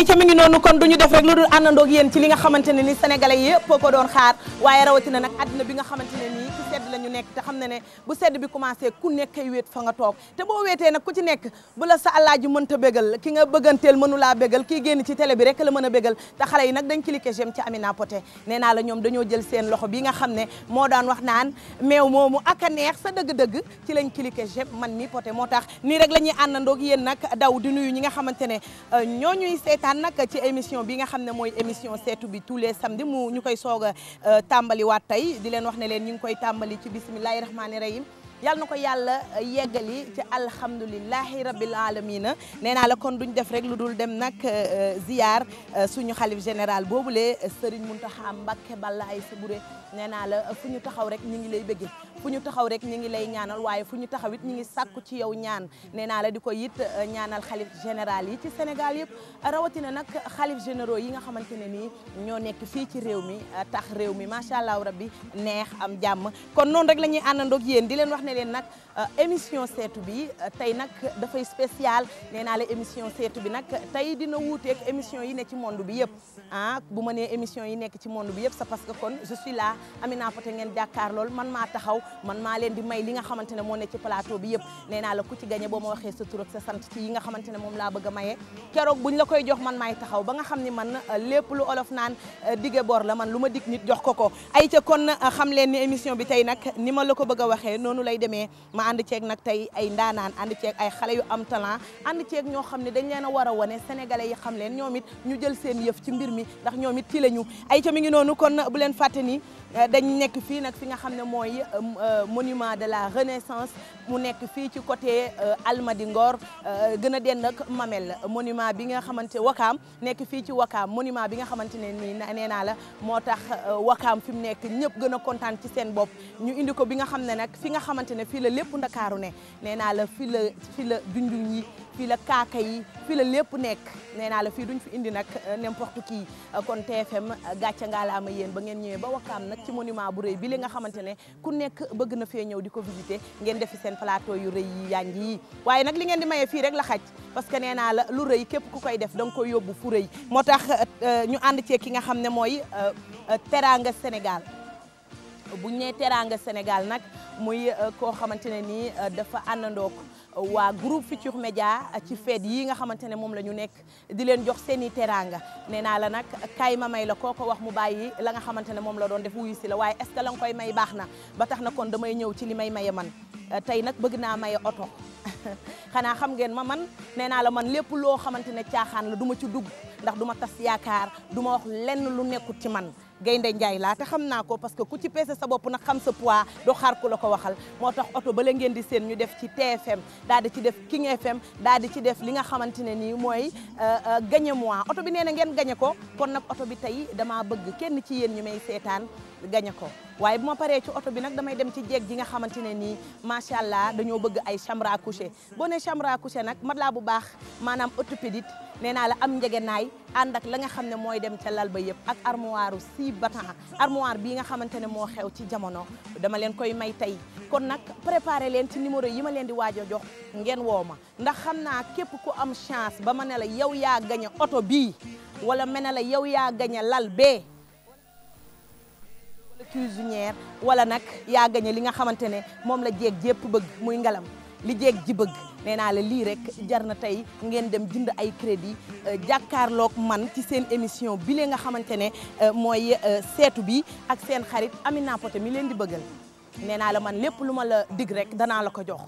ay ca mi ngi noonu kon du ñu def rek lu dul àndandoog yéen ci li nga xamante ne ni sénégalais yëpp ko doon xaar waaye rawatina nag àddina bi nga xamante ne nii sedd la nekk te xam ne ne bu sedd bi commencé ku nekk kay wéet fa nga toog te boo weetee nag ku ci nekk bu la sa alaaji mënta bégal ki nga bëgganteel mënu laa bégal kii génn ci télé bi rek la mën a bégal te xale yi nag dañ cliqué j'aime ci Amina Poté nee naa la ñoom dañoo jël seen loxo bi nga xam ne moo daan wax naan meew moomu ak a neex sa dëgg-dëgg ci lañ cliqué man mi Poté moo tax nii rek la ñuy àndandoog yéen nag daw di nuyu ñi nga xamante ne euh, ñoo ñuy seetaan nag ci émission bi nga xam ne mooy émission seetu bi tous les samedi mu ñu koy soog a euh, tàmbaliwaat tey di leen wax ne leen ñu ngi koy tàmbali tàmbali ci bismillahi rahmaani rahim yàlla na ko yàlla yeggali ci alhamdulilahi rabil alamina nee naa la kon duñ def rek lu dul dem nag euh, euh, ziyaar euh, suñu xalif général boobule Serigne Mountakha Mbacké Balaye Soubouré nee naa la fu ñu taxaw rek ñu ngi lay bëgge fu ñu taxaw rek ñu ngi lay ñaanal waaye fu ñu taxaw it ñu ngi sàkku ci yow ñaan nee naa la di ko yit ñaanal xalif général yi ci Sénégal yëpp rawatina nag xalif généraux yi nga xamante ne nii ñoo nekk fii ci réew mi tax réew mi macha allah rabbi neex am jàmm kon noonu rek la ñuy àndandoog yéen di leen wax ne leen nag euh, émission seetu bi euh, tey nag dafay spécial nee naa la émission seetu bi nag tey dina wuuteeg émission yi ne ci monde bi yëpp ah bu ma nee émission yi nekk ci monde bi yëpp c'est parce que kon je suis là Amina Poté ngeen jàkkaar lool man ma taxaw man maa leen di may li nga xamante ne moo ne ci plateau bi yëpp nee naa la ku ci gagné boo ma waxee sa tur ak sa sant ci yi nga xamante moom laa bëgg a maye keroog buñ la koy jox man maay taxaw ba nga xam ni man euh, lépp ma dig jox ko ko ay ca kon xam bi tey nag ni ma la ko bëgg demee ma ànd ceeg nag tey ay ndaanaan ànd ceeg ay xale yu am talent ànd ceeg ñoo xam ne dañ leen a war a wane sénégalais yi xam leen ñoomit ñu jël seen yëf ci mbir mi ndax ñoom it ci la ñu ay ca mi ngi noonu kon bu leen fàtte ni euh, dañ nekk fii nag fi nga xam ne mooy euh, euh, monument de la renaissance mu nekk fii ci côté Almadi Ngor gën a dend ak Mamel monument bi nga xamante Wakaam nekk fii ci Wakaam monument bi nga xamante ne nii nee naa la moo tax Wakaam fi mu nekk ñëpp gën a kontaan ci seen bopp xamante fii la lépp ndakaaru ne nee naa la fii la fii la junjuñ yi fii la kaaka yi fii la lépp nekk nee naa la fii duñ fi indi nag euh, n'importe qui kon TFM gàcce ngaa la ama yéen ba ngeen ñëwee ba wakaam nag ci monument bu rëy bi li nga xamante ne ku nekk bëgg na fee ñëw di ko visiter ngeen defi seen plateau yu rëy yi yànj yi waaye nag li ngeen di mayee fii rek la xaj parce que nee la lu rëy képp ku koy def da nga koy yóbbu fu rëy moo tax euh, ñu ànd cee ki nga xam ne mooy euh, teraanga Sénégal bu ñu nee teraanga Sénégal nag muy euh, koo xamante ne nii euh, dafa àndandook euh, waa groupe Futurs Médias ci fête yi nga xamante ne moom la ñu nekk di leen jox seen i teraanga nee naa la nag kay ma may la koo ko wax mu bàyyi la nga xamante ne moom la doon def wuyu si la waaye est ce que la nga koy may baax na ba tax na koon damay ñëw ci li may maye man tey nag bëgg naa maye oto xanaa xam ngeen ma man nee naa la man lépp loo xamante ne caaxaan la duma ci dugg ndax du ma tas yaakaar du lenn lu nekkut ci man gaynde njaay laa te xam naa ko parce que ku ci peese sa bopp nag xam sa poids doo xaar ku la ko waxal moo tax oto bala ngeen di seen ñu def ci TFM daal di ci def King FM daal di ci def li nga xamante ne nii mooy euh, euh, gagné moi oto bi nee na ngeen gagné ko kon nag oto bi tey damaa bëgg kenn ci yéen ñu may seetaan gagné ko waaye bu ma paree ci oto bi nag damay dem ci jeeg ji nga xamante ne nii macha allah dañoo bëgg ay chambre à coucher boo nee chambre à coucher nag matelas bu baax maanaam orthopédique nee naa la am njegenaay ànd ak la nga xam ne mooy dem ca lal ba yëpp ak armoire u si batan armoire bii nga xamante ne moo xew ci jamono dama leen koy may tey kon nag préparé leen ci numéro yi ma leen di waaj a jox ngeen woo ma ndax xam naa képp ku am chance ba ma ne la yow yaa gañe oto bii wala ma ne la yow yaa gañe lal bee wala cuisinière wala nag yaa gañe li nga xamante ne moom la jeeg jépp bëgg muy ngalam li jeeg ji bëgg nee naa la lii rek jar na tey ngeen dem jënd ay crédit euh, jàkkaarloog man ci seen émission bi lee nga xamante ne euh, mooy euh, seetu bi ak seen xarit naa Poté mi leen di bëggal nee naa la man lépp lu ma la dig rek danaa la ko jox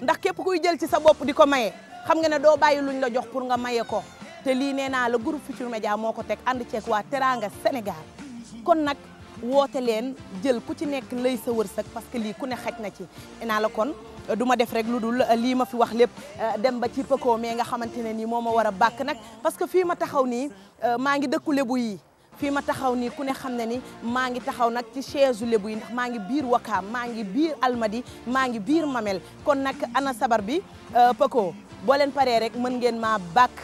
ndax képp kuy jël ci sa bopp di ko maye xam nga ne doo bàyyi luñ la jox pour nga maye ko te lii neenaa naa la groupe Futurs Médias moo ko teg ànd ceeg waa Teranga Sénégal kon nag woote leen jël ku ci nekk lay sa wërsëg parce que lii ku ne xaj na ci naa la kon duma def rek lu dul euh, lii ma fi wax lépp euh, dem ba ci pëkoo mais nga xamante ne nii moo ma war a bàkk nag parce que fii ma taxaw nii euh, maa ngi dëkku lebu yi fii ma taxaw nii ku ne xam ne ni maa ngi taxaw nag ci chaise lebu yi ndax maa ngi biir wakaam maa ngi biir almadi maa ngi biir mamel kon nag ana sabar bi pako boo leen paree rek mën ngeen ma bàkk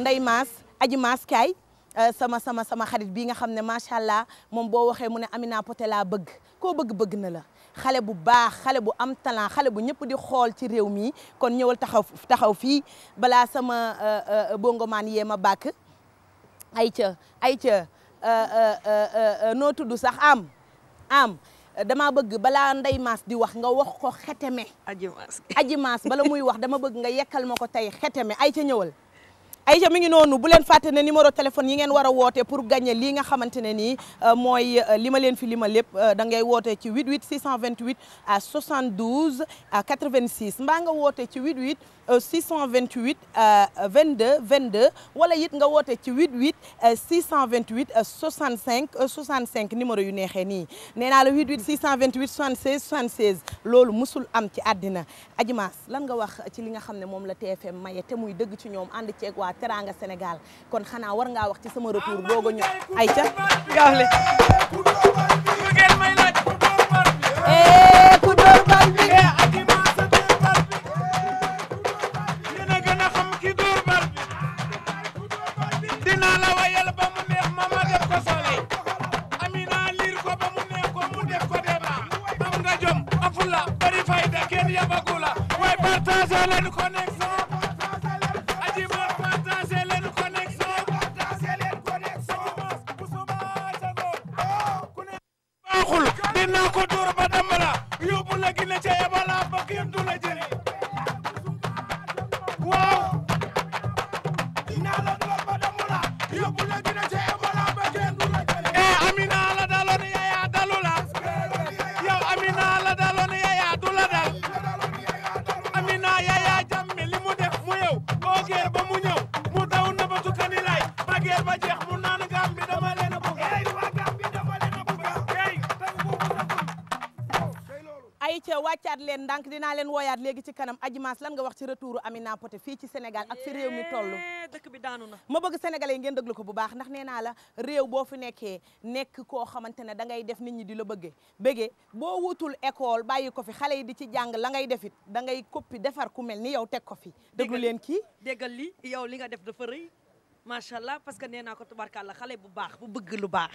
ndey maas aji maas kaay sama sama sama xarit bii nga xam ne macha allah moom boo waxee mu ne ami Poté laa bëgg koo bëgg bëgg na la xale bu baax xale bu am talent xale bu ñëpp di xool ci réew mi kon ñëwal taxaw taxaw fii balaa sama euh, euh, bongomaan yee ma bàkk ay ca ay ca noo tudd sax am am damaa bëgg balaa ndey maas di wax nga wax ko xeteme aji maas aji maas bala muy wax dama bëgg nga yekkal ma ko tey xeteme ay ca ñëwal Aïcha mi ngi noonu bu leen fàtte ne numéro téléphone yi ngeen war a woote pour gagner lii nga xamante ne nii euh, mooy euh, lima leen fi li ma lépp euh, da ngay woote ci 88 628 à 72 à 86 mbaa nga woote ci 88 628 22 22 wala it nga woote ci 88 628 65 65 numéro yu neexee nii nee naa la 88 628 76 76 loolu musul am ci àddina Adji Mass lan nga wax ci li nga xam ne moom la TFM maye te muy dëgg ci ñoom ànd ceeg waa ak teranga kon xanaa war ngaa wax ci sama retour booga ñëw ay ca gaawle eh, ku dóor bal bi Fula bari fayda kenn yabagula way partage leen ko nekk léegi ci kanam Adji Mass lan nga wax ci retouru Amina Poté fii ci Sénégal ak fi réew mi toll dëkk bi daanu na ma bëgg sénégalais yi ngeen déglu ko bu baax ndax nee naa la réew boo fi nekkee nekk koo xamante ne da ngay def nit ñi di la bëggee bëggee boo wutul école bàyyi ko fi xale yi di ci jàng la ngay defit da ngay koppi defar ku mel ni yow teg ko fi déglu leen kii déggal li yow li nga def dafa rëy macha allah parce que nee naa ko tubarkàlla xale bu baax bu bëgg lu baax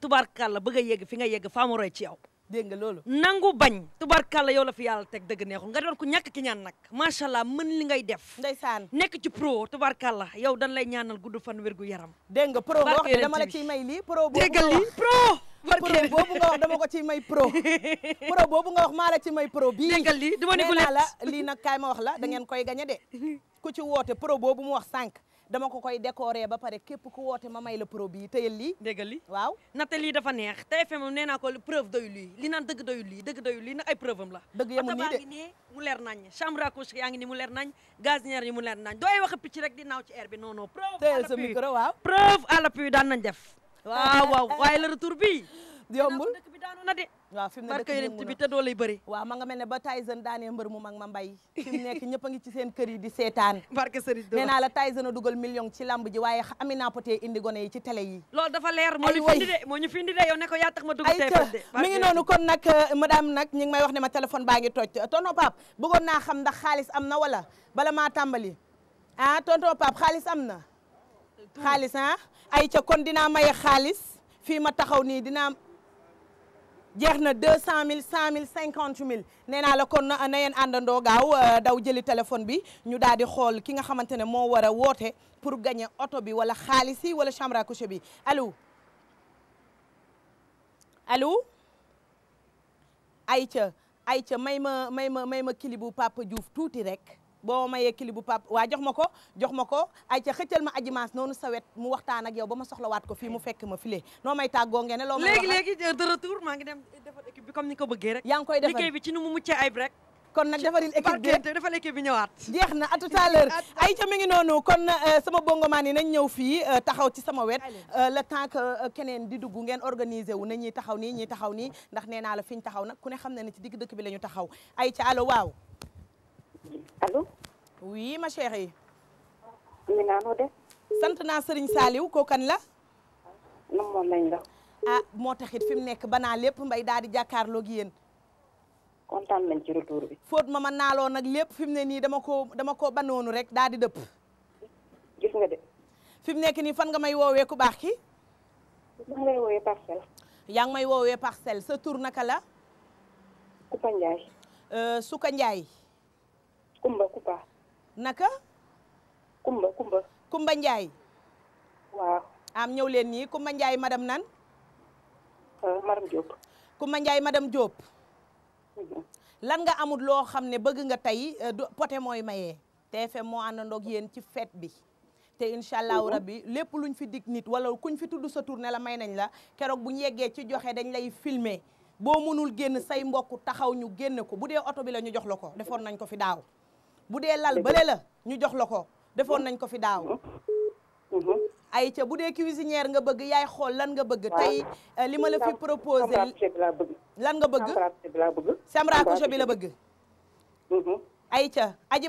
tubarkàlla bëgg a yegg fi nga yegg faamu ci yow dégg nga loolu nangu bañ tubarkàlla yow la fi yàlla teg dëgg neexul nga doon ku ñàkk ki ñaan nag macha allah mën li ngay def ndeysaan nekk ci pro tubarkàlla yow dan lay ñaanal gudd fan wér gu yaram dégg nga pro nga wax dama la ciy may lii pro déggal lii pro pro boobu nga wax dama ko ciy may pro boobu nga wax la ci may pro bii déggal lii dama ne ko la lii nag kaay ma wax la da ngeen koy gañe de ku ci woote pro boobu mu wax sànq dama ko koy décorer ba pare képp ku woote ma may la produit tëyal lii déggal lii waaw natte lii dafa neex te FM nee naa ko preuve doyu lii li naan dëgg doyu lii dëgg doyu lii na ay preuve la dëgg yemul nii de ngi ne mu leer nañ chambre à coucher ngi ni mu leer nañ gazinière yi mu leer nañ dooy wax a picc rek di naaw ci air bi non non preuve tëyal sa micro waaw daan nañ def waaw waaw waay le retour bi yombul dëkk bi daanu na de waaw fi ne dëkk bi te a seen kër di seetaan barke la Tyson a dugal million ci lamb ji waaye Amina Poté indi gone yi ci télé yi loolu dafa leer moo ñu fi indi de de yow ne ko noonu kon nag euh, madame nag ñi ngi may wax ne ma téléphone baa ngi toj tonton Pape bëggoon naa xam ndax am na wala bala maa tàmbali ah tonton Pape xaalis am na xaalis ah ay ca kon dinaa maye xaalis fii ma taxaw nii dinaa jeex na mille 100000 50000 nee naa la kon na yeen àndandoo gaaw euh, daw jëli téléphone bi ñu daal di xool ki nga xamante ne moo war a woote pour gagner oto bi wala xaalis yi wala chambre à coucher bi allo allo Aïcha Aïcha may ma may ma may ma kilibu Papa Diouf tuuti rek. boo mayee kili bu pap waa jox ma ko jox ma ko ay ca xëccal ma ajimaas noonu sawet mu waxtaan ak yow ba ma soxlawaat ko fii mu fekk ma file noo may tàggoo ngeen loo may léegi léegi de retour maa ngi dem defar équipe comme ni ko bëggee rek yaa koy defar liggéey bi ci nu mu muccee ay rek kon nag defaril équipe bi defal équipe jeex na à tout à l'heure ay ca mi kon euh, sama bongomaan yi nañ ñëw fii euh, taxaw ci sama wet euh, le temps que keneen di dugg ngeen organiser wu na ñuy taxaw nii ñuy taxaw nii ndax nee naa la fi ñu taxaw na ku ne xam ne ne ci digg dëkk bi la ñu taxaw ay ca waaw allo. ma chérie. Amina noo def. sant naa Serigne Saliou kooku kan la. nam moom la. ah moo taxit fi mu nekk banaa lépp mbay daal di jàkkaarloog yéen. kontaan nañ ci retour bi. fóot ma ma naaloo nag lépp fi mu ne nii dama koo dama koo banoonu rek daal di dëpp. gis mu nekk nii fan nga may woowee ku baax ki. maa ngi lay woowee ngi may woowee parcelle sa tur naka la. Euh, Souka njaay Souka Kumba Kumba. naka. Kumba Kumba. Kumba Ndiaye. am ñëw leen nii Kumba Ndiaye madame nan. Euh, madame Diop. Kumba Ndiaye madame Diop. Mm-hmm. lan nga amut loo xam ne bëgg nga tey euh, poté mooy maye mayee TFM moo àndandoog yéen ci fête bi. te incha allahu mm-hmm. rabbi lépp luñ fi dig nit wala kuñ fi tudd sa tournée la may nañ la keroog bu ñu yeggee ci joxe dañ lay filmer boo mënul génn say mbokk taxaw ñu génn ko bu dee oto bi la ñu jox la ko defoon nañ ko fi daaw. bu dee lal bële la ñu jox la ko defoon nañ ko fi daaw mhm. mhm. ay bu dee cuisinière nga bëgg yaay xool lan nga bëgg tey euh, li ma la fi proposé lan nga bëgg chambre à coucher bi la bëgg ay ca aji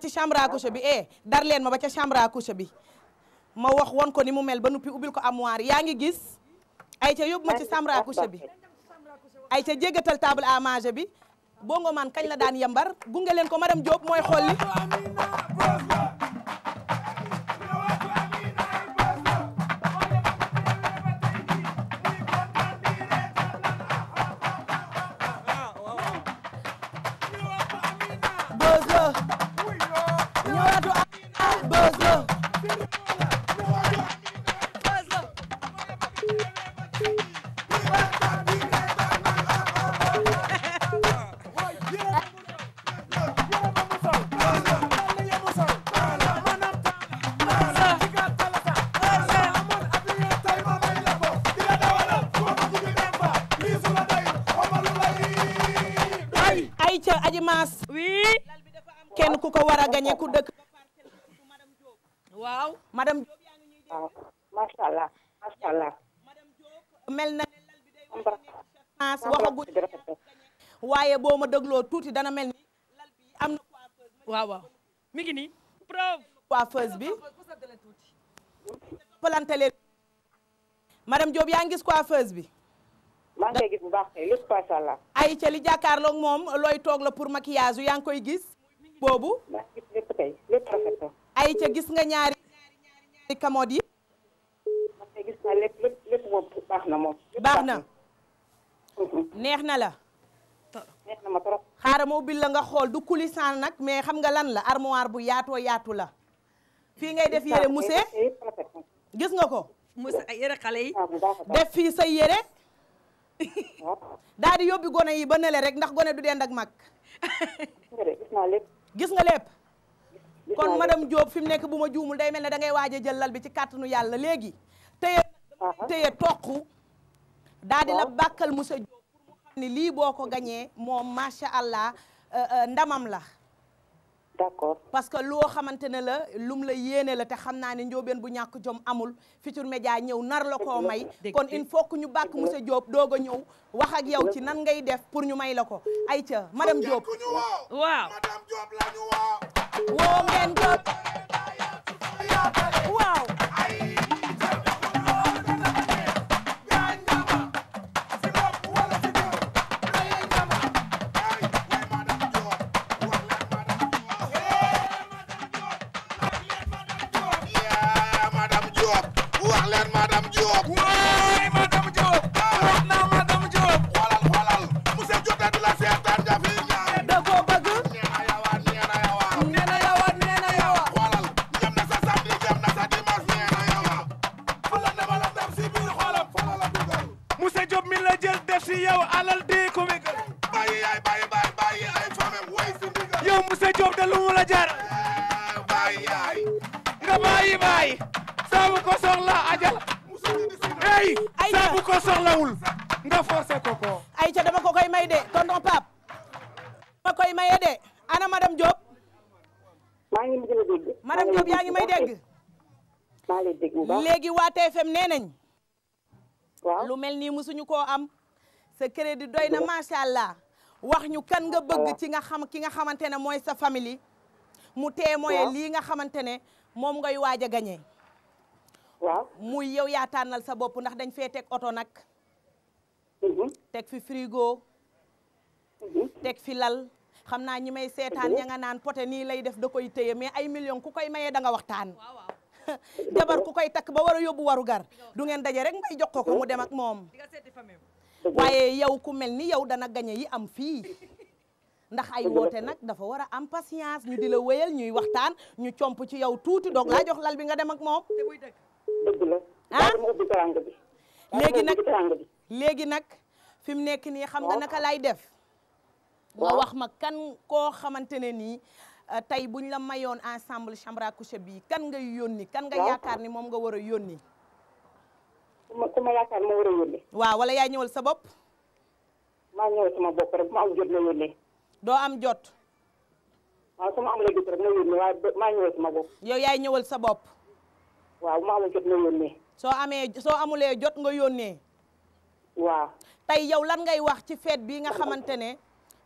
ci chambre à coucher bi eh dar leen ma ba ca chambre à coucher bi ma wax woon ko ni mu mel ba nuppi ubbil ko armoire yaa ngi gis ay yóbbu ma ci chambre à coucher bi ay ca jéggatal table à bi bongo man kañ la daan yambar gunge leen ko madame Diop mooy xolli boo ma dégloo tuuti dana mel ni lal am na coiffeuse waaw mi ngi nii preuve bi plante leen madame Diop yaa ngi gis coiffeuse bi maa ngi gis bu baax kay lépp macha moom looy toog la pour maquillage yaa ngi koy gis boobu lépp gis nga ñaari ñaari kamod yi gis naa na moom baax na neex na la neex na xaaral ma ubbil la nga xool du coulissant nag mais xam nga lan la armoire bu yaatoo yaatu la. fii ngay def yére musée gis nga ko. musée ay yére xale yi. Ah, def fii say yére. Ah. daal di yóbbi gone yi ba nele rek ndax gone du dend ak mag. gis nga lépp. kon madame Diop fi mu nekk bu ma juumul day mel ne da ngay a jël lal bi ci kàttanu yàlla léegi. téye ah, téye toq. daal di la bàkkal monsieur ni lii boo ko gañee moom macha allah euh, euh, ndamam la. d'accord parce que loo xamante ne la lum la yéene la te xam naa ne njóobeen bu ñàkk jom amul Futurs Médias ñëw nar la koo may kon il faut que ñu bàkk monsieur Diop doog a ñëw wax ak yow ci nan ngay def pour ñu may la ko ayca madame Diop waaw madame Diop la TFM nee nañ waaw lu mel nii musuñu koo am sa crédit doy na macha allah wax ñu kan nga bëgg ci nga xam ki nga xamante ne mooy sa famille mu témoin lii nga xamante ne moom ngay waaj a gañee waaw muy yow yaa sa bopp ndax dañ fee teg oto nag mm-hmm. teg fi frigo mm-hmm. teg fi lal xam naa ñi may seetaan mm-hmm. ña nga naan poté nii lay def da koy téye mais ay million ku koy mayee danga waxtaan jabar ku koy takk ba war a yóbbu waru gar du ngeen daje rek may jox ko ko mu dem ak moom waaye yow ku mel ni yow dana gañe yi am fii ndax ay woote nag dafa war a am patience ñu di la wéyal ñuy waxtaan ñu comp ci yow tuuti doog laa jox lal bi nga dem ak moom ah léegi nag léegi nag fi mu nekk nii xam nga naka lay def nga wax ma kan koo xamante ne nii Euh, tey buñ la mayoon ensemble chambre coucher bi kan nga yónni kan nga yaakaar ni moom nga war a yónni ku ma yaakaar moo war a yónni waaw wala yaa ñëwal sa bopp maa ñëwal sama bopp doo am jot waaw ma amulee jot rek na yow yaay ñëwal sa bopp waaw bu ma jot na yónnee soo amee soo amulee jot nga yónnee waaw tey yow lan ngay wax ci fête bi nga xamante ne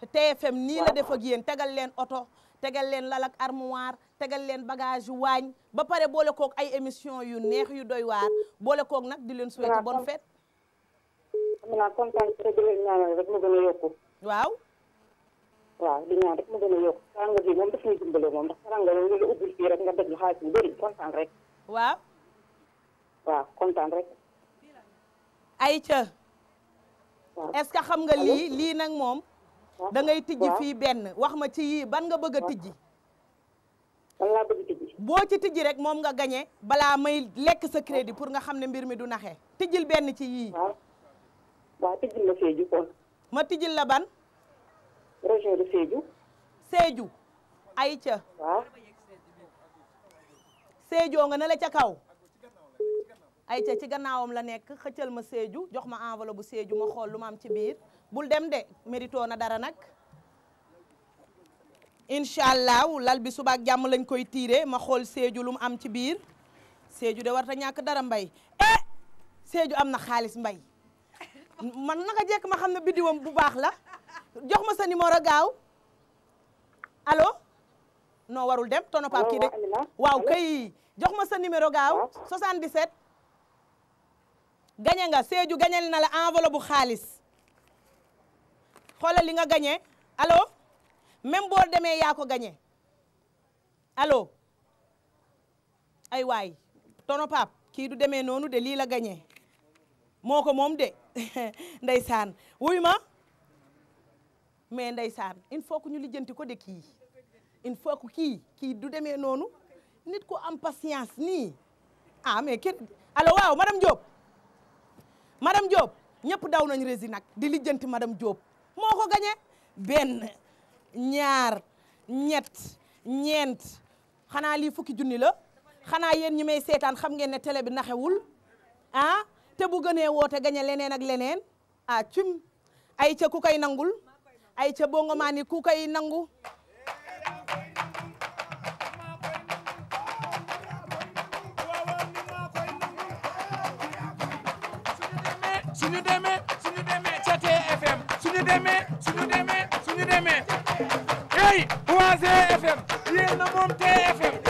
TFM nii la def ak tegal leen oto tegal leen lal ak armoire tegal leen bagage yu waañ ba pare boole kook ay émission yu neex yu doy waar boole kook nag di leen souhaiter bonne fête. am naa kontaan te di leen ñaanal rek a yokku. waaw. waaw di ñaan rek mu gën a yokku. tànga bi moom daf ñuy dimbale moom ndax tànga yooyu nga ubbil fii rek nga déglu xaalis bu bëri kontaan rek. waaw. waaw kontaan rek. Aïcha. est-ce que xam nga lii lii nag moom. da ngay tijji fii benn wax ma ci yii ban nga bëgg a tijji boo ci tijj rek moom nga gañe bala may lekk sa crédit pour nga xam ne mbir mi du naxee tijjil benn ci yii ma tijjil la ban région de nga ne ca kaw ay ci gannaawam la nekk xëccal ma Sédhiou jox ma enveloppe bu Sédhiou ma xool lu ma am ci biir bul dem de mérito na dara nag incha allahu lal bi suba jàmm lañ koy tiire ma xool Sédhiou lu am ci biir Sédhiou de war ta ñàkk dara mbay eh Sédhiou am na xaalis mbay man naka jekk ma xam ne biddiwam bu baax la jox ma sa numéro gaaw alo non warul dem to pap kii de waaw kay jox ma sa numéro gaaw 77 gañe nga Sédhiou gañel na la enveloppe bu xaalis xoolal li nga gagné allo même boo demee yaako gañe gagné allo ay waay tono pap kii du demee noonu de lii la gañe moo ko moom de ndeysaan wuy ma mais ndeysaan il faut que ñu lijjanti ko de kii il faut que kii kii du demee noonu nit ku am patience nii ah mais kenn allo waaw madame Diop madame Diop ñëpp daw nañ rési nag di lijjanti madame Diop moo ko gañe benn ñaar ñett ñeent xanaa lii fukki junni la xanaa yéen ñi may seetaan xam ngeen ne télé bi naxewul ah te bu gënee woote gañe leneen ak leneen ah cum ay ca ku koy nangul ay ca bongomaani ku koy nangu suñu demee demee suñu demee suñu demee hey 3G FM na moom TFM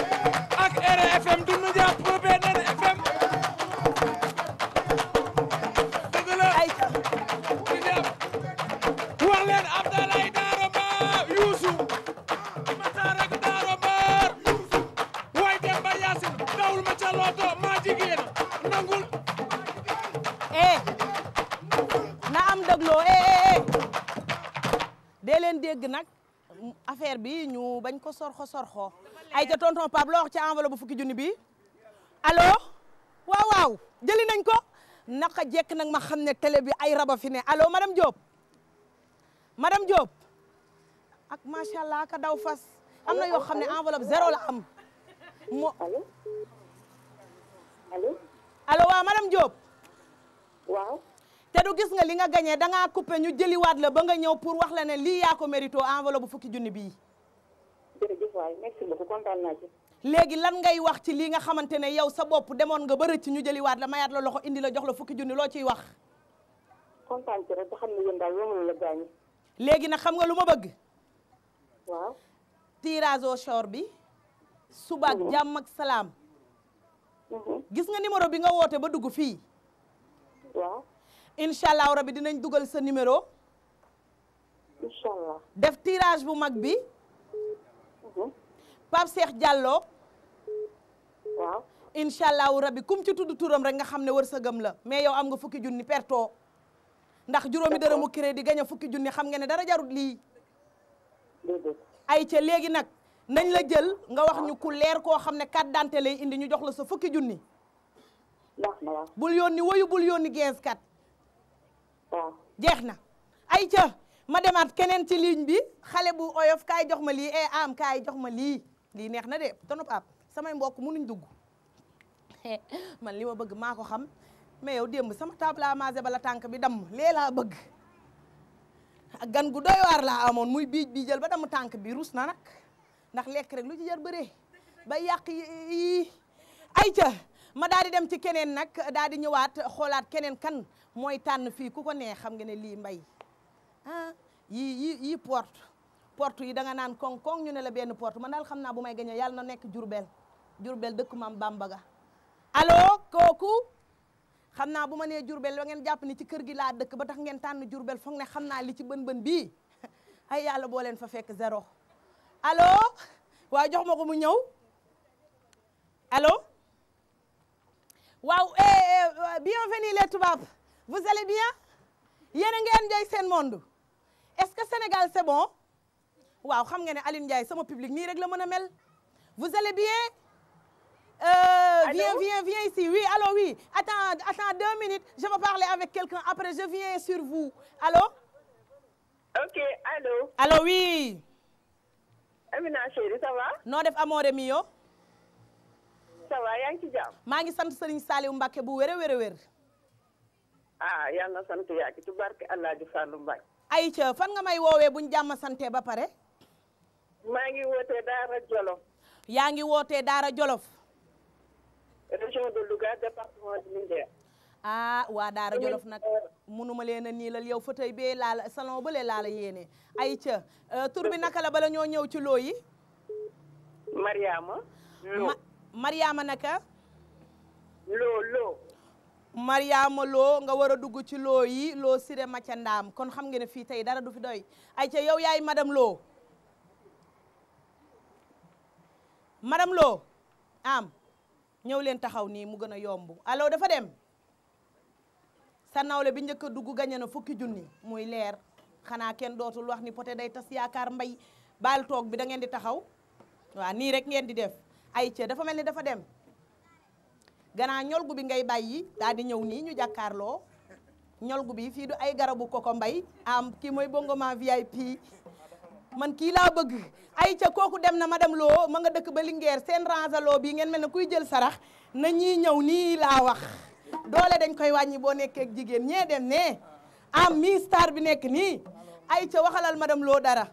sorxo sorxo ay ca tonton Pape loo wax ci enveloppe bu fukki junni bi allo waaw waaw jëli nañ ko naka jekk nag ma xam ne télé bi ay raba fi ne allo madame Diop ak macha allah ka daw fas am na yoo xam ne enveloppe zéro la am mo allo allo allo waaw madame gis nga li nga gagné danga ngaa coupé ñu jëliwaat la ba nga ñëw pour wax la ne lii yaako ko mérito enveloppe bu fukki junni bii kontaan naa léegi lan ngay wax ci lii nga xamante ne yow sa bopp demoon nga ba rëcc ñu jëliwaat la mayaat la loxo indi la jox la fukki junni loo ciy wax. kontaan ci xam ne yéen daal yomb la gaañu. léegi na xam nga lu ma bëgg. waaw. tirage bi. suba ak mhm. jàmm ak salaam. Mhm. gis nga numéro bi nga woote ba dugg fii. waaw. incha allah rabi dinañ dugal sa numéro. incha def tirage bu mag bi. Pape Cheikh jàlloo waaw incha allahu rabi kum ci tudd turam rek nga xam ne war wërsëgam la mais yow am nga fukki junni perto ndax juróomi mu crédit gañ a fukki junni xam nga ne dara jarut lii. ay ca léegi nag nañ la jël nga wax ñu ku leer koo xam ne carte d'identité lay indi ñu jox la sa fukki junni. bul yónni woyu bul yónni quinze kat. jeex na ay ca ma demaat keneen ci ligne bi xale bu oyof kaay jox ma lii e am kaay jox ma lii. lii neex na de tonub ab samay mbokk munuñ dugg man li ma bëgg maa ko xam mais yow démb sama table à manger bala tànk bi dam lee laa bëgg gan gu doy waar laa amoon muy biij bii jël ba damm tànk bi rus na nag ndax lekk rek lu ci jar bëree ba yàq yi ay ca ma daal dem ci keneen nag daal di ñëwaat xoolaat keneen kan mooy tànn fii ku ko neex xam nga ne lii mbay ah yii yii yii porte yi danga naan koŋ koŋ ñu ne la benn porte man daal xam naa bu may gañee yàlla na nekk Jurbel Jurbel dëkk maam Bàmba ga kooku xam naa bu ma nee jurubel la ngeen jàpp ni ci kër gi laa dëkk ba tax ngeen tànn Jurbel foog ne xam naa li ci bën bën bii ay yàlla boo leen fa fekk zéro allo waaw jox ma ko mu ñëw alo waaw eh, eh, bienvenue les tubaab vous allez bien yéen a ngeen jëy monde est-ce que Sénégal c'est bon waaw xam nga ne Aline Ndiaye sama public nii rek la mën a mel vous allez bien Euh, viens viens viens ici oui allô oui attends attends deux minutes je veux parler avec quelqu'un après je viens sur vous allô ok allô allô oui Amina chérie ça va noo def amoore mi yo ça yaa ngi ci jàmm maa ngi sant Serigne Saliou Mbacké bu wér a wér a wér ah yàlla na sant yaa ngi ci barke Alaaji Fallou Mbacké ay ca fan nga may woowee buñ jàmm sante ba pare maa ngi wootee Daara Jolof. yaa ngi wootee Daara Jolof. région ah waa Daara Jolof nag munuma leen a niilal yow fauteuil bee laala salon bële laala yéene ay ca euh, tur bi naka la bala ñoo ñëw ci loo yi. Mariama. Lo Mariama naka. Lo Lo. Mariama Lo nga war a dugg ci loo yi loo Siré Matia Ndaam kon xam nga ne fii tey dara du fi doy ay ca yow yaay madame Lo. madame loo am ñëw leen taxaw nii mu gën a yomb aloo dafa dem sa nawle bi njëkk a dugg gañe na fukki junni muy leer xanaa kenn dootul wax ni Poté day tas yaakaar mbay baal toog bi da ngeen di taxaw waaw nii rek ngeen di def ay ca dafa mel ni dafa dem ganaa ñolgu bi ngay bàyyi daal di ñëw nii ñu jàkkaarloo ñolgu bi fii du ay garabu koko mbay am kii mooy bongoman VIP man kii laa bëgg ay ca kooku dem na madame loo ma nga dëkk ba Linguère seen ransaloo bii ngeen mel ne kuy jël sarax na ñuy ñëw nii laa wax doole dañ koy wàññi boo nekkeek jigéen ñee dem ne am ah, mi star bi nekk nii ay ca waxalal madame loo dara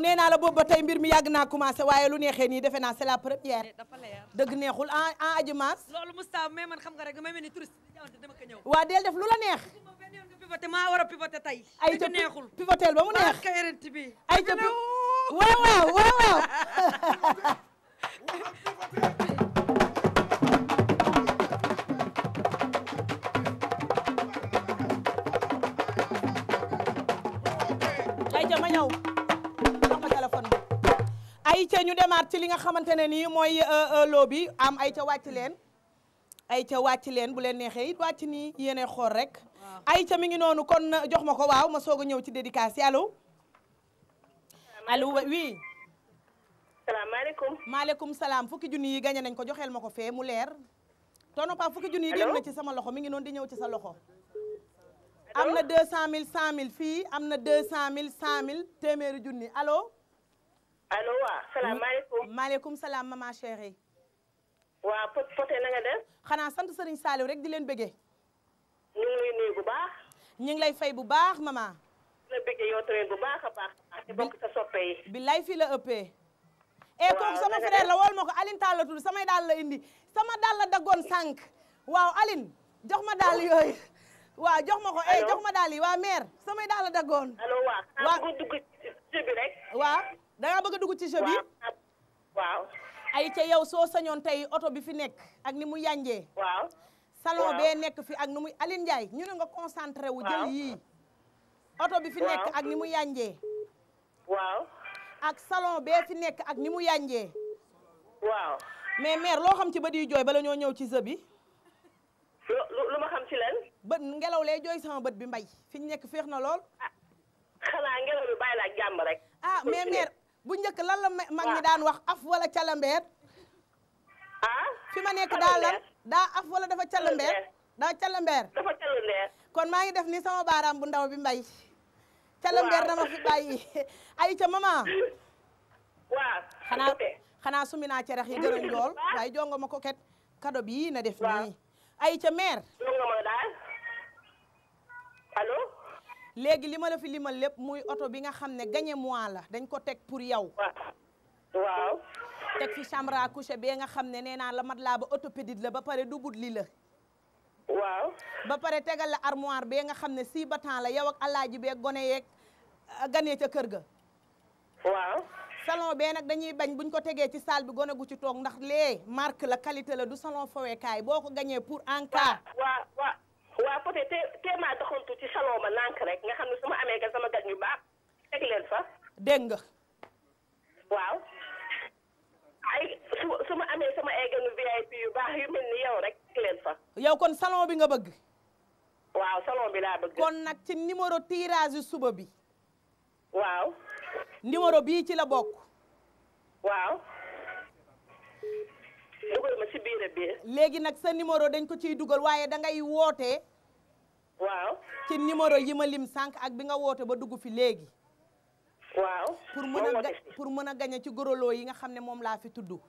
nee naa la boobu ba tey mbir mi yàgg naa commencé waaye lu neexee nii defe naa c'est la première eh, dëgg neexul en ah, en ah, Adji Mass loolu Moustapha mais man xam nga rek damay mel ni touriste dama ko ñëw waa deel def lu la neex pivoté maa war a pivoté tey ay ca neexul pivotel ba mu neex ay ca waaw waaw waaw waaw ñu demaat ci li nga xamante ne nii mooy euh, euh, loo bi am ay ca wàcc leen ay ca wàcc leen bu leen neexee it wàcc nii yéene xool rek ay ca mi ngi noonu kon euh, jox ma ko waaw ma soog a ñëw ci dédicace yi allo allo oui salaamaaleykum maaleykum salaam fukki junni yi gañe nañ ko joxeel ma ko fee mu leer tono pa fukki junni yi génn na ci sama loxo mi ngi noonu di ñëw ci sa loxo am na deux cent mille cent mille fii am na deux cent mille cent mille téeméeri junni allo allo waaw salaamaaleykum. maaleykum salaam maman chérie. waa pot poté na def. xanaa sant Serigne Saliou rek di leen bëggee. ñu ngi lay nuyu bu baax. ñu ngi lay fay bu baax maman. a baax. di bokk fii la ëppee. Eh, waaw kooku sama frère la wol ma ko Aline Tall la tudd samay daal la indi sama daal la daggoon sànq waaw Aline jox ma daal yooyu. waaw jox ma ko eh jox ma daal yi waa mère samay daal la daggoon. allo waaw dangaa bëgg a dugg ci jeu bi waaw ay ca yow soo sañoon tey oto bi fi nekk ak ni mu yànjee waaw salon bee nekk fi ak ni muy Aline ñu ne nga concentré wu jël yii oto bi fi nekk ak ni mu yànjee waaw ak salon bee fi nekk ak ni mu yànjee waaw mais mère loo xam ci bët yi jooy bala ñoo ñëw ci jeu bi lu ma xam ci leen bët ngelaw lay jooy sama bët bi mbay fi ñu nekk féex na lool ah, xanaa ngelaw bi bàyyi la ah mais mère bu njëkk lan la mag ñi daan wax af wala calambeer ah fi ma nekk daa lan af wala dafa calambeer daa calambeer dafa kon maa ngi def nii sama baaraam bu ndaw bi mbay calambeer dama fi bàyyi ay ca mama waaw xanaa xanaa sumi naa cerex yi gërëm lool waaye jongo ma ko ket kado na def nii ay meer léegi li ma la fi limal lépp muy oto bi nga xam ne gagné mois la dañ ko teg pour yow. waaw. teg fi chambre à coucher bee nga xam ne nee naa la mat laa ba orthopédique la ba pare dubut li la. waaw. ba pare tegal la armoire bee nga xam ne si batan la yow ak alaaji bee gone yeeg euh, ganee ca kër ga. waaw. salon bee nag dañuy bañ buñ ko tegee ci salle bi gone gu ci toog ndax lee marque la qualité la du salon fowekaay boo ko gañee pour en waaw peut être tee maa doxantu ci salon ma nànk rek nga xam ne su ma amee gan sama gan yu baax teg leen fa. dégg nga. waaw. ay su su ma amee sama ay ganu VIP yu baax yu mel ni yow rek teg fa. yow kon salon bi nga bëgg. waaw salon bi laa bëgg. kon nag ci numéro tirage suba bi. waaw. numéro bii ci la bokk. waaw. dugal ma si biir a biir. léegi nag sa numéro dañ ko ciy dugal waaye dangay ngay woote waaw ci numéro yi ma lim sànq ak bi nga woote ba dugg fi léegi. waaw pour mën a pour mën a gañe ci goroloo yi nga xam ne moom laa fi tudd.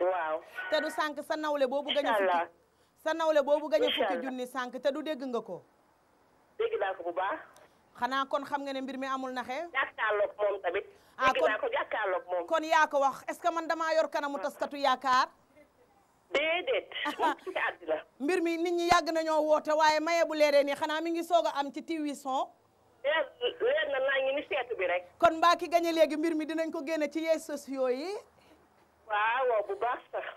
waaw te du sànq sa nawle boobu. gañe fukki sa nawle boobu gañe fukki junni sànq te du dégg nga ko. dégg xanaa kon xam nga ne mbir mi amul naxe. jàkkaarloog moom tamit. ah kon kon yaa ko wax est-ce que man damaa yor kanamu taskatu yaakaar. déedéet mbir mi nit ñi yàgg nañoo woote waaye maye bu leeree nii xanaa mi ngi soog am ci Tiwison. leer leer na naa ni seetu bi rek. kon mbaa ki gañe léegi mbir mi dinañ ko génne ci yees sociaux yi. waaw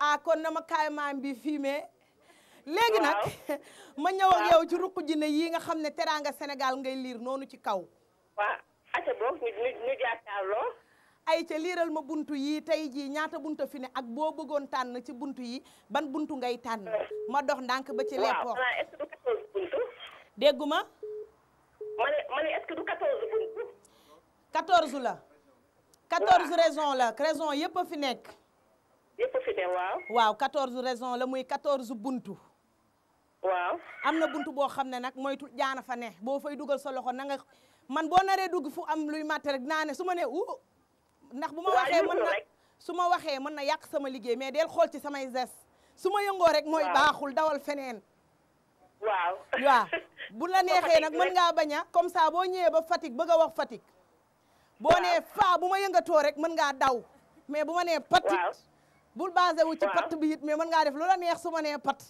ah kon na ma kaay maam bi fumier. léegi nag ma ñëw a yow ci ruq ji ne yii nga xam ne teraanga Sénégal ngay liir noonu ci kaw. waaw acca boog ñu ñu jàkkaarloo. ay ca ma buntu yi tey jii ñaata bunt fi ne ak boo bëggoon tànn ci bunt yi ban buntu ngay tànn ma dox ndànk ba ci les dégguma ma ne ma ne est du 14 buntu 14 la 14 raison la raison yépp a fi nekk yépp waaw waaw raison la muy 14 bunt waaw am na bunt boo xam ne nag moytu jaana fa ne boo fay dugal sa loxo na man boo naree dugg fu am luy matt rek naa ne su ma ne ndax bu ma waxee mën na su ma waxee mën na yàq sama liggéey mais del xool ci samay gestes su ma yëngoo rek mooy baaxul dawal feneen waaw bu la neexee nag mën ngaa bañ a comme ça boo ñëwee ba Fatick bëgg a wax Fatick boo nee faa bu ma yëngatoo rek mën ngaa daw mais bu ma nee pat bul basé wu ci pat bi it mais mën ngaa def lu la neex su ma nee pat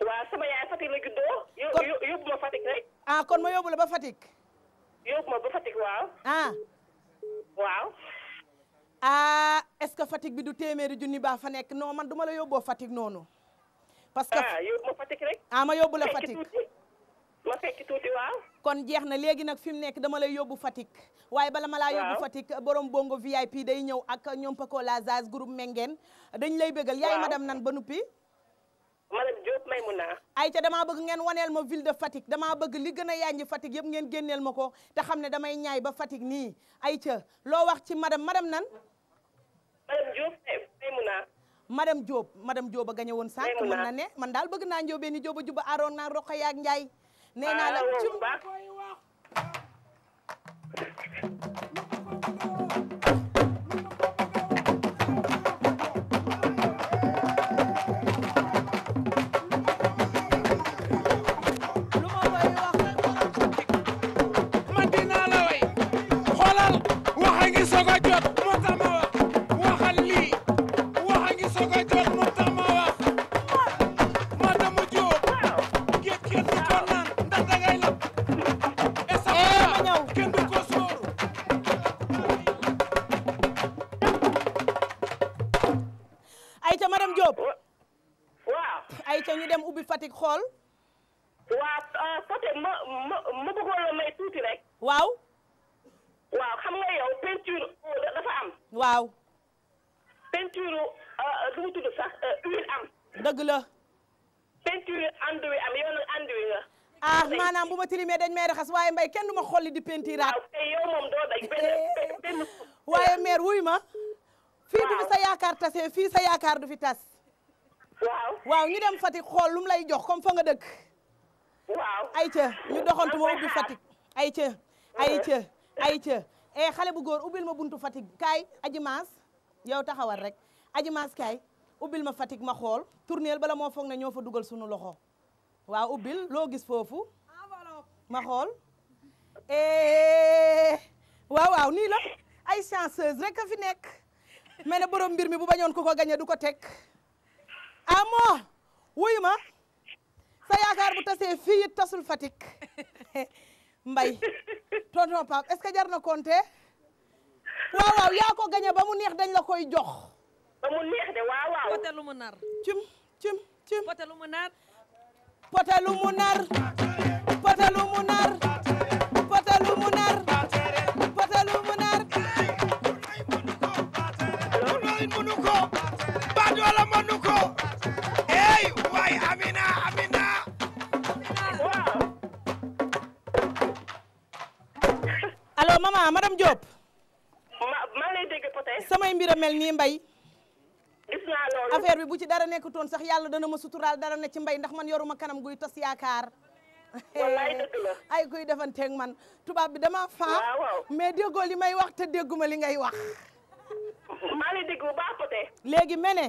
waaw sama yaay la juddoo yóbbu ah, kon ma yóbbu ba Fatick yóbbu ba Fatick waaw ah waaw. ah est-ce que Fatick bi du téeméeri junni baa fa nekk non man duma la yóbboo Fatick noonu. parce que ah yóbbu ma ah, la Fatick kon jeex na léegi nag fi mu nekk dama lay yóbbu Fatick. waaye bala ma laa yóbbu Fatick borom bongo VIP day ñëw ak ñoom Paco Lazaz groupe Mengen dañ lay bégal yaay madame nan ba nuppi madame Diop Maymouna. ayca damaa bëgg ngeen waneel ma ville Fatick damaa bëgg li gën a yànji fatik yépp ngeen génneel ma ko te xam ne damay ñaay ba fatik nii ayca loo wax ci madame madame nan. madame Diop Maymouna. madame Diop madame a gañe woon sànq. mën na ne man daal bëgg naa Ndiobé ni Diop a juba aaroon naa Roqe yaak Ndiaye. nee naa la ci waaye mbay kenn du ma xolli di pentiraat eh. waaye mère wuy ma fii du fi sa yaakaar tasee fii sa yaakaar du fi tas waaw waaw ñu dem Fatick xool lu lay jox comme fa nga dëkk waaw ay ca ñu doxantu ma ubbi Fatick ay ca ay xale bu góor ubbil ma buntu Fatick kaay aji maas yow taxawal rek aji maas kaay ubbil ma Fatick ma xool tourneel bala moo foog ne ñoo fa dugal sunu loxo waaw ubbil loo gis foofu ma xool Eh, waaw waaw nii la ay chanceuse rek a fi nekk mais ne borom mbir mi bu bañoon ku ko gañe du ko teg amoo wuyu ma sa yaakaar bu tasee fii it tasul Fatick mbay tonton Pape est-ce jar na compter waaw waaw yaa ko gañe ba mu neex dañ la koy jox. ba mu neex de waaw waaw. cim cim cim. pote mu nar. pote mu nar. waay Amina Amina. allo maman madame Diop. ma maa lay dégg peut samay mbir a mel nii mbay. gis naa loolu affaire bi bu ci dara nekkutoon sax yàlla dana ma suturaal dara ne ci mbay ndax man yoruma kanam guy tas yaakaar. ay kuy defanteeg man tubaab bi dama faa. mais déggoo li may wax te dégguma li ngay wax. maa lay dégg bu léegi mene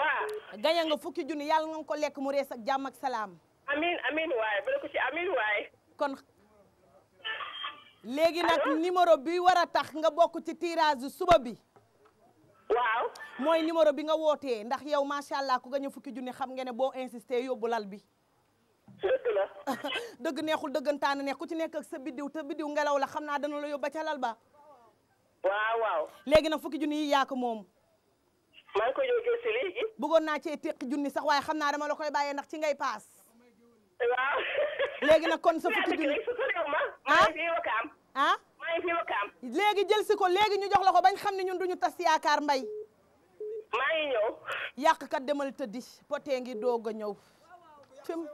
waaw gañe nga fukki junni yàlla nga ko lekk mu rees ak jàmm ak salaam amin amin waay bu ko ci amin waay kon léegi nag numéro bi war a tax nga bokk ci tirage suba bi waaw mooy numéro bi nga wootee ndax yow macha allah ku gañe fukki junni xam nga ne boo insisté yóbbu lal bi dëgg la dëgg neexul dëggantaan neex ku ci nekk ak sa biddiw te biddiw ngelaw la xam naa dana la yóbba ca lal ba waaw waaw léegi nag fukki junni yi yaa moom maa ngi koy jógee bëggoon naa cee teq junni sax waaye xam naa dama koy bàyyee ndax ci ngay paas. waaw. léegi nag kon sa fukki junni ah? maa ah? léegi jël si ko léegi ñu jox la ko bañ xam ne ñun duñu tas yaakaar mbay. maa ngi ñëw. yàqkat demal tëddi potee ngi doog a ñëw. cim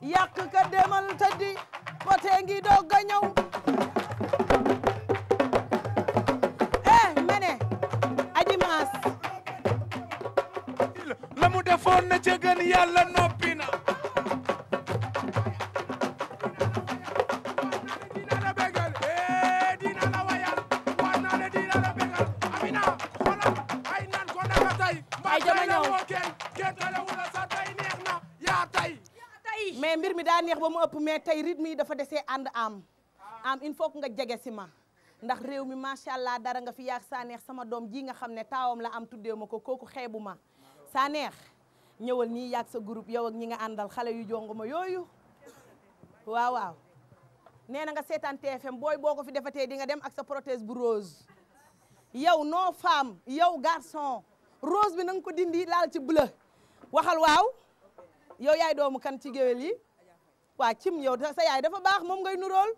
yàqkat demal tëddi potee ngi doog a ñëw. defoon na ca gën yàlla noppi na eh, mais mbir mi daa neex ba mu ëpp mais tey rythme yi dafa desee ànd am am il faut nga jege si ma ndax réew mi macha allah dara nga fi yaag Saneex sama doom ji nga xam ne taawam la am tuddee ma ko kooku xeebu ma Saneex ñëwal nii yàgg sa group yow ak ñi nga àndal xale yu jongoma yooyu waaw waaw nee na nga seetaan TFM booy boo ko fi defatee di nga dem ak sa protège bu rose yow non fam yow garçon rose bi nang nga ko dindi laal ci bleu waxal waaw yow yaay doomu kan ci géwél yi waa cim yow sa yaay dafa baax moom ngay nurool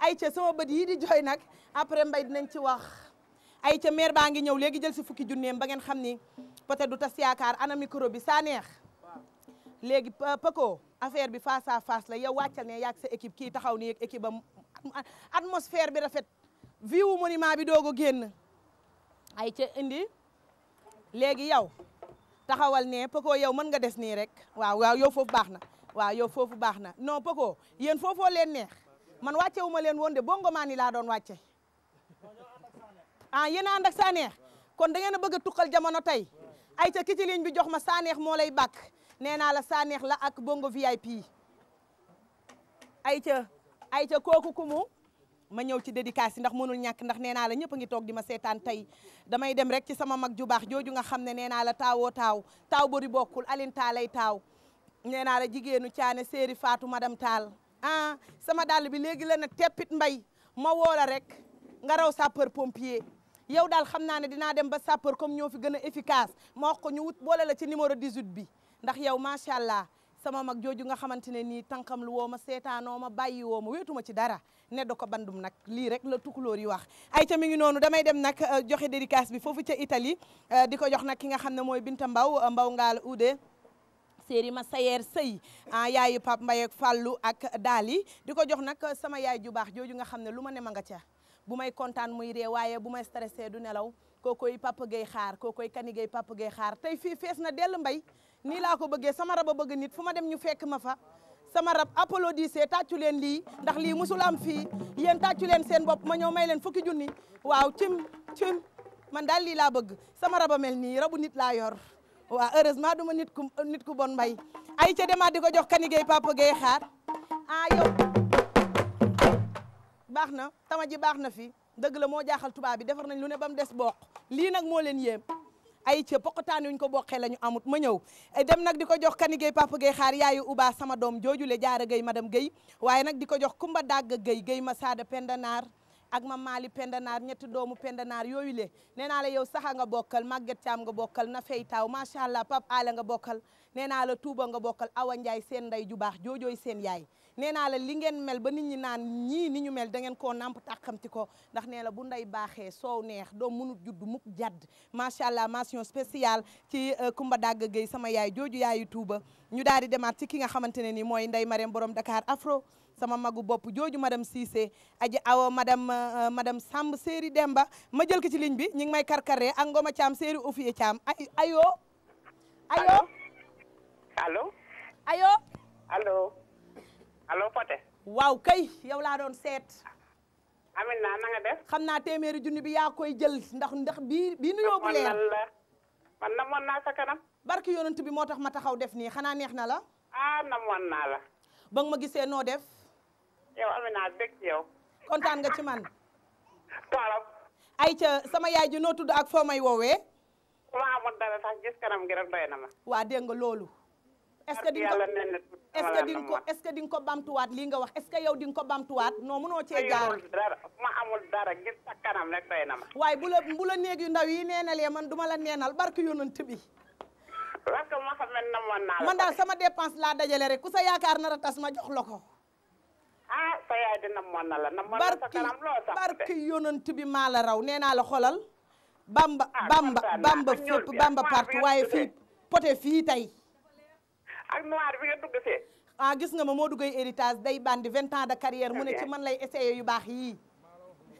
ay ca sama bët yii di jooy nag après mbay dinañ ci wax ay ca maire baa ngi ñëw léegi jël si fukki junneem ba ngeen xam ni peut-être du tas yaakaar ana micro bi saa neex léegi Paco affaire bi face à face la yow wàccal ne yaag sa équipe kii taxaw ni ak équipe am atmosphère bi rafet vie wu bi doog a génn ay ca indi léegi yow taxawal ne Paco yow mën nga des nii rek waaw waaw yow foofu baax na waaw yow foofu baax na non Paco yéen foofoo leen neex man wàcce wu leen woon de bongo maa ni laa doon wàcce ah, a ànd ak saa neex kon dangeen a bëgg a tuqal jamono tey ay ca ki bi jox ma Sanex moo lay bàkk nee naa la Sanex la ak Bongo VIP ay ca ay kooku kumu ma ñëw ci dédicace yi ndax mënul ñàkk ndax nee naa la ñëpp a ngi toog di ma seetaan tey damay dem rek ci sama mag ju baax jooju nga xam ne nee naa la taawoo taaw taaw bari bokkul alintaa lay taaw nee naa la jigéenu caane seeri faatu madame Tall ah sama dàll bi léegi la na teppit mbay ma woola rek nga raw sapeur pompier yow daal xam naa ne dinaa dem ba sappor comme ñoo fi gën a efficace ma wax ko ñu wut boole la ci numéro 18 bi ndax yow macha allah sama mag jooju nga xamante ne nii tànkam lu woo ma seetaanoo ma bàyyi woo ma wéetuma ci dara ne da ko bandum nag lii rek la tukulóor yi wax ay ta mi ngi noonu damay dem nag euh, joxe dédicace bi foofu ca Italie euh, di ko jox nag ki nga xam ne mooy Binta Mbaw euh, Mbaw Ngaal Ude séeri ma sayeer sey ah yaayu Pape Mbaye ak Fallou ak Daali di ko jox nag sama yaay ju baax jooju nga xam ne lu ma ne ma nga ca bu may kontaan muy ree waaye bu may stressé du nelaw kookoy Papa Gueye xaar kookoy Kani Gueye Papa Gueye xaar tey fii fees na dell mbay nii laa ko bëggee sama rab a bëgg nit fu ma dem ñu fekk ma fa sama rab applaudissez tàccu leen lii ndax lii musul am fii yéen tàccu leen seen bopp ma ñow may leen fukki ni waaw cim cim man daal lii laa bëgg sama rab a mel nii rabu nit laa yor waaw heureusement ma nit ku nit ku bon mbay ay ca demaat di ko jox Kani Gueye Papa xaar baax na tama ji baax na fi dëgg la moo jaaxal tubaab bi defar nañ lu ne ba mu des bokk lii nag moo leen yéem ay ca poqataan yuñ ko boqee la ñu amut ma ñëw eh, dem nag di ko jox kani Guèye Papa gay xaar yaayu Uba sama doom jooju joojule jaara Guèye madame Guèye waaye nag di jox Kumba Dagg Guèye Guèye ma Sada Pendanaar ak ma maali Pendanaar ñetti doomu Pendanaar yooyu le nee naa la yow saxa nga bokkal Maguette Thiam nga bokkal na fay taaw macha allah pap ale nga bokkal nee naa la Touba nga bokkal Awa Ndiaye seen ndey ju baax joojooy seen yaay nee naa la li ngeen mel ba nit ñi naan ñii ni ñu mel da ko koo namp tàqamti ko ndax nee bu nday baaxee soow neex doom mënut judd mukk jadd macha allah mention spéciale ci Kumba euh, Dagg Gueye sama yaay jooju yaayu tuuba ñu daal di demaat ci ki nga xamante ne ni mooy Ndeye Marème borom Dakar Afro sama magu bopp jooju madame Cissé aji awo madame euh, madame Samb Séri Demba ma jël ko ci ligne bi ñu ngi may karkaree ak Ngoma Thiam Séri Oufie Thiam ay ayo ayo allo allo allo allo Poté. waaw kay yow laa doon seet. Amina na nga def. xam naa téeméeri junni bi yaa koy jël ndax ndax bii bii nuyoo bu leer. man namoon naa sa kanam. barki yonent bi moo tax ma taxaw def nii xanaa neex na la. ah namoon naa la. ba ma gisee noo def. yow Amina dëkk yow. kontaan nga ci man. ay ca sama yaay ji noo tudd ak foo may woowee. waaw man dara sax gis kanam gi rek doy na ma. waa dégg nga loolu. est-ce que di nga est-ce que di nga ko est-ce que di nga ko bamtuwaat lii nga wax est-ce que yow di ko bamtuwaat non mënoo cee jaar ma amul dara gis sa kanam rek doy na ma waaye bu la bu néeg yu ndaw yi neenalee man duma la neenal barki yonent bi parce que ma na moon naa sama dépense laa dajale rek ku sa yaakaar nar a tas ma jox la ko ah sa la namoon na sa barki yonent bi maa la raw nee naa la xolal bamba ah, bamba bamba fépp bamba waaye fii poté fii tey ak noir bi nga ah, gis nga ma moo duggee héritage day bandi vingt ans de carrière mu ne ci man lay essayer yu baax yii.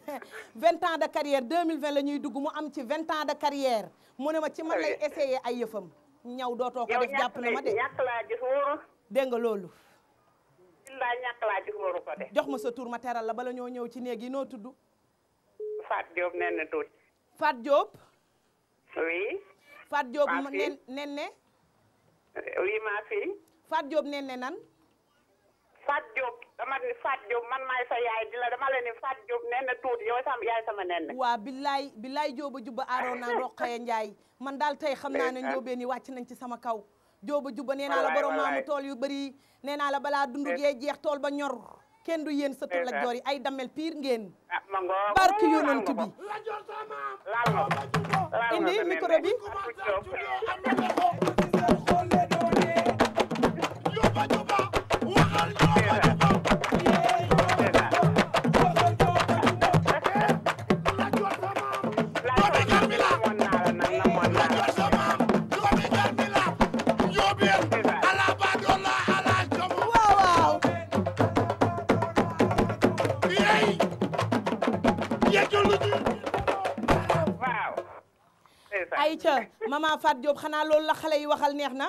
vingt ans de carrière deux mille vingt la ñuy dugg mu am ci vingt ans de carrière mu ne ma ci man lay essayer ay yëfam ñaw dootoo ko def jàpp na ma de ñàkk laa gis wóoru nga loolu. illaa ñàkk laa jox ma sa tour ma teral la bala ñoo ñëw ci néeg yi noo tudd. Fat Diop nee na tuuti. Fat Diop. oui. Fat lii maa fi. Fatou Diop nee na nan. Fatou Diop dama ni Fatou Diop man maay sa yaay di dama la ni Fatou Diop nee na yow sama yaay sama nen na. waa billaay billaay Diop a jubba Arona Roqaya man daal tey xam naa ne njóobeen yi wàcc nañ ci sama kaw. Diop a jubba nee la borom maamu tool yu bari nee naa la balaa dundu gee jeex tool ba ñor. kenn du yéen sëtu la joor yi ay damel piir ngeen. Ah, barki yonent bi. indi micro ay ca maman Fatou Diop xanaa loolu la xale yi waxal neex na.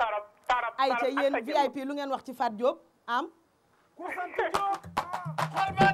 torop ay ca yéen VIP lu ngeen wax ci Fatou Diop am ku sant Diop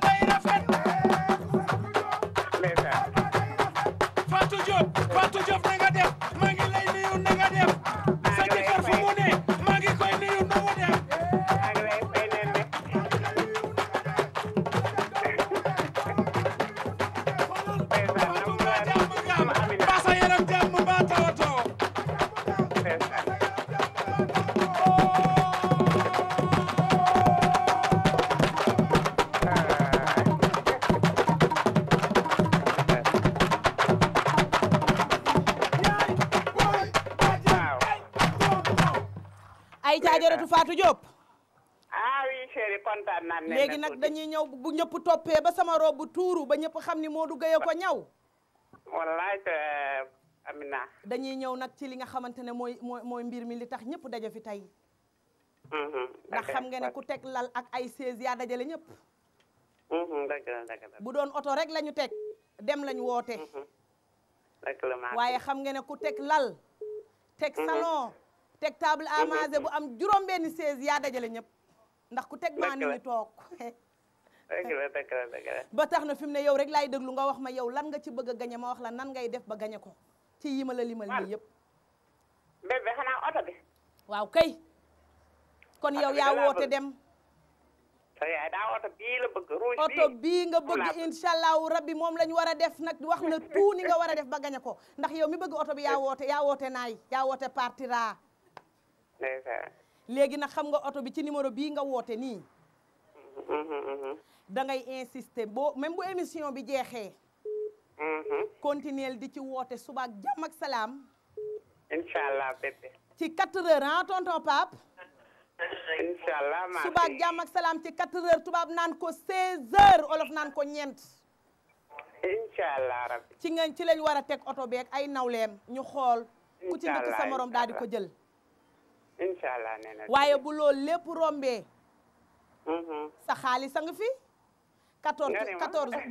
ñëpp toppee ba sama bu tuuru ba ñëpp xam ni moo Modou Gueye ko ñaw. wallaay te Amina. dañuy ñëw nag ci li nga xamante ne mooy mooy mooy mbir mi li tax ñëpp daje fi tey. Mm-hmm. ndax xam nga ne ku teg lal ak ay chaise yaa dajale ñëpp. Mm-hmm. bu doon oto rek la ñu teg dem lañ woote. Mm-hmm. waaye xam nga ne ku teg lal. teg salon teg table à manger bu am juróom benn chaise yaa dajale ñëpp. ndax ku teg maa ni ñu toog. ba tax na fi mu ne yow rek laay déglu nga wax ma yow lan nga ci bëgg a gañe ma wax la nan ngay def ba gañe ko ci yi ma la limal nii yëpp xanaa oto bi waaw kay kon yow yaa woote dem oto bii nga bëgg incha allahu rabbi moom lañ war a def nag wax la tout ni nga war a def ba gañe ko ndax yow mi bëgg oto bi yaa woote yaa woote naay yaa woote partira léegi nag xam nga oto bi ci numéro bii nga woote nii dangay ngay boo même bu émission bi jeexee. continuer di ci woote suba ak ak salaam. incha ci 4 heures ah tonton Pape. incha allah ak salaam ci 4 heures tubaab naan ko 16 heures olof naan ko ñeent. incha ci ngeen ci lañ war a teg oto beeg ay nawleem ñu xool. ku ci nekk sa morom daal di ko jël. incha allah waaye bu lool lépp rombee. sa xaalis a nga fi. 14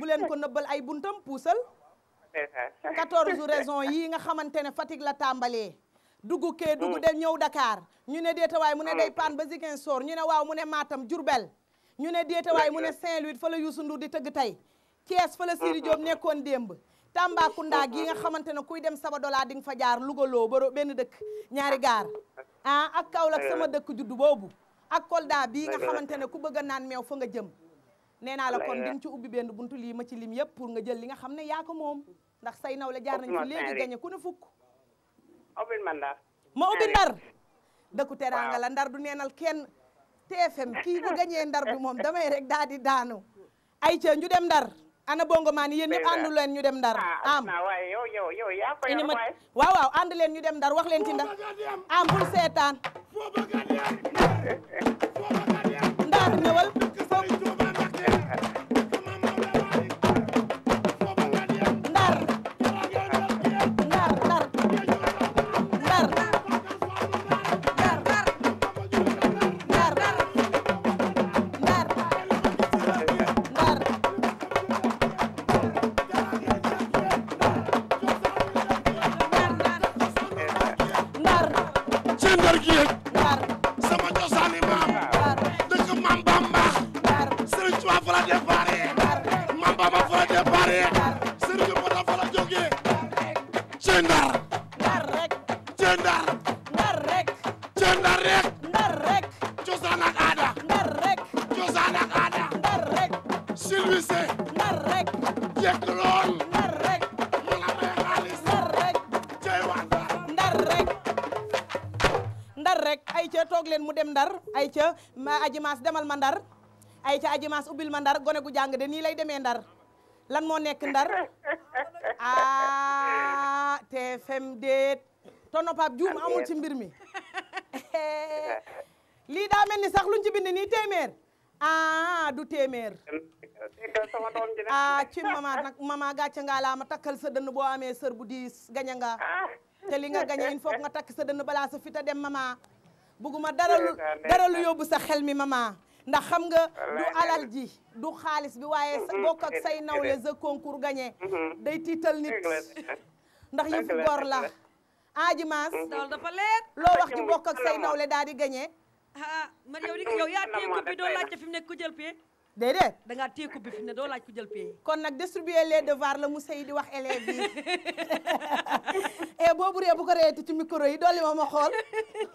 14 bu leen ko nëbbal ay buntam puusal. 14 raison yi nga xamante ne Fatick la tàmbalee. dugg kee dugg hmm. dem ñëw Dakar ñu ne déetawaay mu ne day hmm. paan ba Ziguinchor ñu ne waaw mu ne maatam Diourbel ñu ne déetawaay mu ne Saint-Louis fa la Youssou Ndour di tëgg tey Thiès fa la Sidi Diop hmm, nekkoon démb Tambacounda gi nga xamante ne kuy dem Sabadola di nga fa jaar Louga loo ba benn dëkk ñaari gaar ah ak Kaolack sama eh. dëkk juddu boobu ak Kolda bii nga xamante ne ku bëgg a naan meew fa nga jëm nee naa la kon di ci ubbi benn buntu lii ma ci lim yëpp pour nga jël li nga xam ne yaa ko moom ndax say naw la jaar nañ fi léegi gañe ku ne fukk man daal ma ubbi ndar dëkku teraanga la ndar du neenal kenn TFM ki bu gañee ndar bi moom damay rek daal di daanu ay ca ñu dem ndar ana bongo maan yéen ñëpp àndu leen ñu dem ndar ah, am ah, waaye yow yow yow yaa ko yor ànd leen ñu dem ndar wax leen ci ndar am bul seetaan ndar ñëwal ma ajimaas demal ma ndar ay ca ajimaas ma ndar gone gu jàng de nii lay demee ndar lan moo nekk ndar ah TFM déet tonno Pape Dioum amul ci mbir mi lii daa mel ni sax luñ ci bind nii téeméer ah, du téeméer ah ci mama nag mama gàcce nga laa ma takkal sa dënn boo amee sër bu diis gaña nga ah. te li nga gañe il faut nga takk sa dënn balaa sa fita dem mama bugguma dara lu dara lu yóbbu sa xel mi maman ndax xam nga du alal ji du xaalis bi waaye bokk ak say nawle sa concours gagné day tiital nit ndax yëfu góor la aji maas dafa loo wax ci bokk ak say nawle daal di gagné ah, ah man yow di yow yaa téye coupe bi doo laajte fi mu nekk ku jël pied déedéet da ngaa téye fi ne doo laaj ku jël paie. kon nag distribuer les devoirs la Moussa yi di wax élèves yi et eh, boobu ree bu ko reeti ci micro yi dolli ma ma xool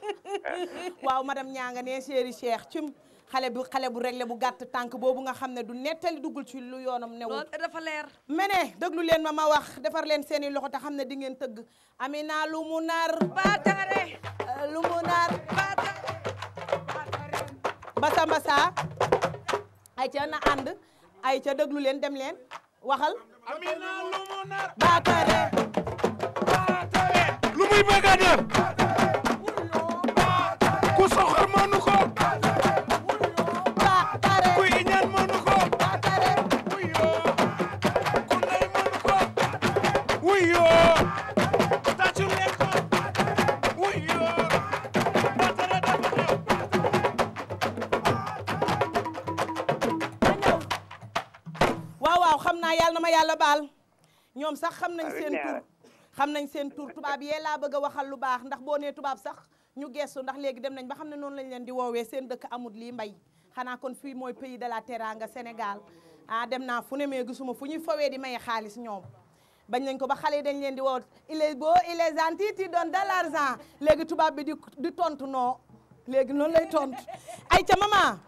waaw madame Nianga ne chéri Cheikh Thioum xale bu xale bu réglé bu gàtt tànk boobu nga xam ne du nettali duggul ci lu yoonam newul dafa leer mene déglu leen ma ma wax defar leen seeni loxo te xam ne di ngeen tëgg Amina lu mu baatare euh, lu mu nar baatare basa basa ay ca na ànd ay ca déglu leen dem leen waxal amina lu muy bëgg a dem ku soxor mënu ko la baal ñoom sax xam nañ seen tur nañ seen tur tubaab yee laa bëgg a waxal lu baax ndax boo nee tubaab sax ñu geestu ndax léegi dem nañ ba xam ne noonu lañ leen di woowee seen dëkk amut li mbay xanaa kon fii mooy pays de la teranga Sénégal ah dem naa fu ne mais suma fu ñuy fawee di maye xaalis ñoom bañ nañ ko ba xale yi dañ leen di woo il est beau il est gentil tu léegi tubaab bi di di tontu non léegi noonu lay tontu ay ca maman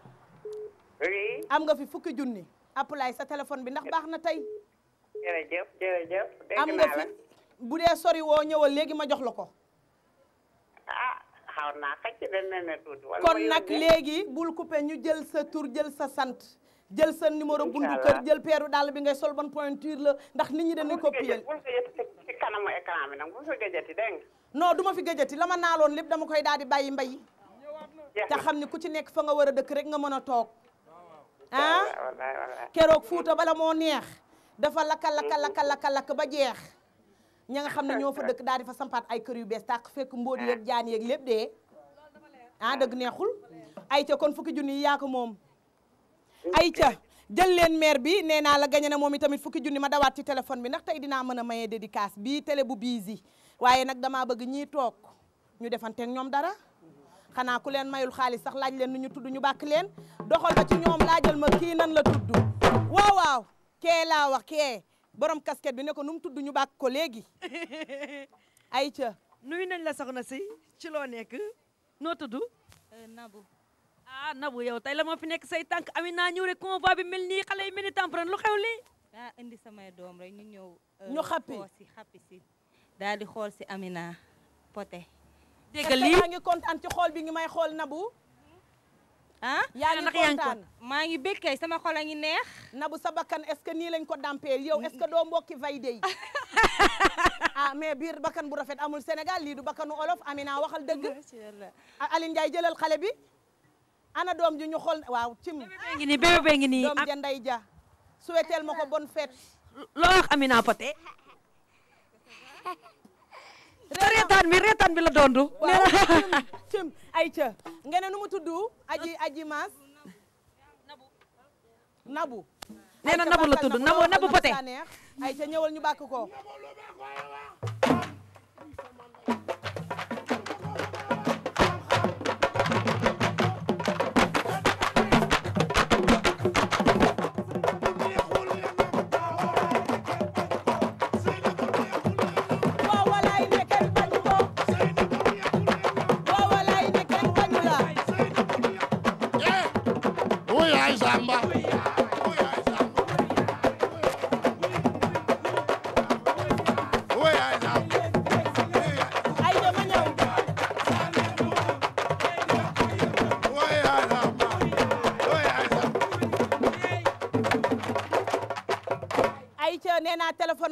am nga fi fukki junni appelay sa téléphone bi ndax na tey am nga fi bu dee sori woo ñëwal léegi ma jox la ko. ah xaw naa xëcc na ne tuuti. kon nag léegi bul coupé ñu jël sa tur jël sa sant. jël sa numéro bundu jël peru daal bi nga sol ban pointure la ndax nit ñi dañuy copier. bul ko yëg ci kanamu écran bi nag bul ko gëjati dégg nga. fi gëjati la ma naaloon lépp dama koy daal di bàyyi mbay. te xam ni ku ci nekk fa nga war a dëkk rek nga mën a toog. ah keroog fuuta bala moo neex. dafa lakka lakka lakka lakka lakk ba jeex ña nga xam ne ñoo fa dëkk daal di fa sampaat ay kër yu bees tàq fekk mbóot yeeg jaan yeeg lépp dee ah dëgg neexul ay ca kon fukki junni yi yaa ko moom ay ca jël leen maire bi nee naa la gañe na moom itamit fukki junni ma dawaat ci téléphone bi ndax tey dinaa mën a maye dédicace bii télé bu biisi waaye nag damaa bëgg ñii toog ñu defanteeg ñoom dara xanaa ku leen mayul xaalis sax laaj leen nu ñu tudd ñu bàkk leen doxal ma ci ñoom laajal ma kii nan la tudd waaw waaw kee laa wax kee borom casquette bi ne ko nu mu tudd ñu bàkk ko léegi Aïcha nuyu nañ la soxna si ci loo nekk noo tudd euh, Nabou ah Nabou yow tey la moo fi nekk say tànk Amina ñëw rek convoi bi mel nii xale yi mel ni tempren lu xew lii daa ah, indi samay doom rek ñu ñëw euh, ñu xappi si si daal di xool si Amina poté kontaan ci xool bi ngi may xool Nabou ah yaa ngi kontaan maa ngi bég kay sama xol a ngi neex Nabou sa bakkan est-ce que nii lañ ko dampeel yow est-ce que doo mbokki vayde yi ah mais biir bakkan bu rafet amul Sénégal lii du bakkanu olof Amina waxal dëgg Aline Ndiaye jëlal xale bi ana doom ji ñu xool waaw cim ngi nii bébé ngi nii doom ja nday ja souhaiteel ma ko bonne loo wax Amina Poté reetaan bi reetaan bi la dondu waaw cëm ay ca nga ne nu mu tudd aji aji maas nabu nee na nabu la tudd nabu nabu pote ay ca ñëwal ñu bàkk ko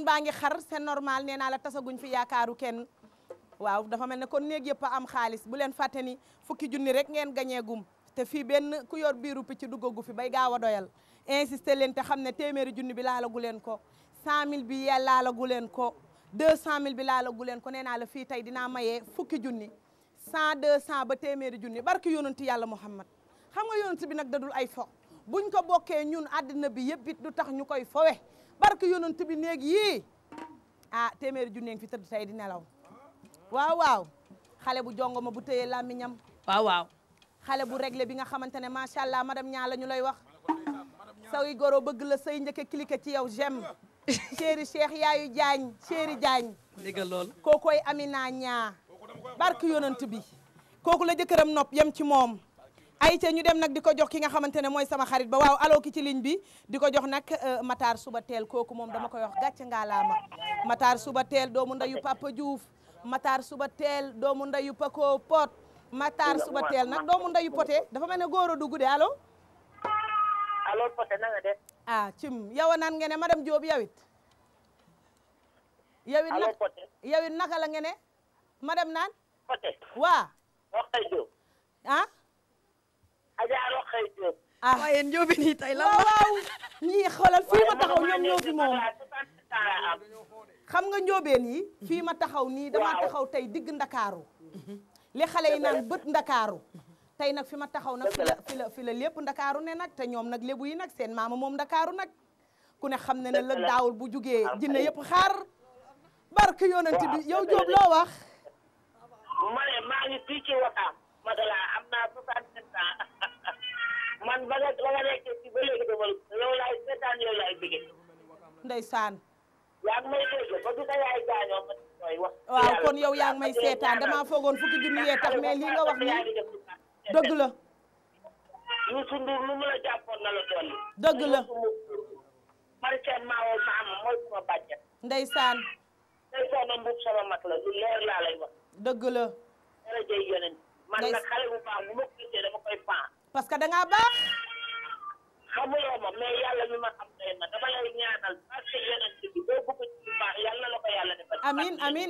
kon ngi xar c'est normal nee naa la tasaguñ fi yaakaaru kenn waaw dafa mel ne kon néeg yëpp am xaalis bu leen fàtte ni fukki junni rek ngeen gañeegum te fii benn ku yor biiru picc duggagu fi bay gaaw a doyal insisté leen te xam ne téeméeri junni bi laalagu leen ko 100000 bi ya leen ko 200000 bi laalagu leen ko nee naa la fii tey dinaa mayee fukki junni 100 200 ba téeméeri junni barki yonanti yàlla Muhammad xam nga yonanti bi nag dadul ay fo buñ ko bokkee ñun àddina bi yëpp it du tax ñu koy fowe barke yonent bi néeg yii ah téeméeri ju fi tëdd tey di nelaw waaw waaw xale bu jongoma bu téyee làmmiñam waaw waaw xale bu regle bi nga xamante ne macha allah madame ñaa la ñu lay wax sawi goro bëgg la say njëkke cliqué ci yow j'aime chéri cheikh yaayu jaañ chéri jaañ déggal lool kookoy ñaa barke yonent bi kooku la jëkkëram nopp yem ci moom ayca ñu dem nag di ko jox ki nga xamante ne mooy sama xarit ba waaw allo ki ci bi di ko jox nag euh, Matar suba teel kooku moom dama koy wax gàcce ngaalaama Matar suba teel doomu ndeyu Papa Diouf Matar suba teel doomu ndeyu Paco Pot Matar suba teel nag doomu ndeyu Poté dafa mel ne góor a dugg de allo. allo ah, cim yow naan ngeen ne madame Diop yow it. naka la ngeen ne madame naan. waa. wax Adja Rokhaya Diop. ah tey la. waaw waaw ñii xoolal taxaw ñoom ñoo moom. xam nga Ndiobène yi. fii ma taxaw nii dama taxaw tey digg ndakaaru. Mhm. li xale yi naan bët ndakaaru. Mhm. tey nag fi ma taxaw nag fi la fi la fi lépp ndakaaru ne nag te ñoom nag lébu yi nag seen maama moom ndakaaru nag. ku ne xam ne ne la daawul bu jugee jinne yëpp xaar barke yonent bi yow Diop loo wax. man ba nga ba nga nekk ci ba léegi dama loolu laay seetaan yow laay bëggee. ndeysaan. yaa ngi may dégg ba du sa yaay gaañoo ma mooy wax. waaw kon yow yaa ngi may seetaan damaa foogoon fukki junni yee tax mais lii nga wax nii dëgg la. Youssou Ndour lu mu la jàppoon na la doon. dëgg la. Marcel Mawo maama mooy sama bàjjen. ndeysaan. ndeysaan na mbub sama mag la lu leer laa lay wax. dëgg la. dara jëy yeneen. man nag xale bu baax bu ma gisee dama koy paan. parce que danga ngaa baax. xamuloo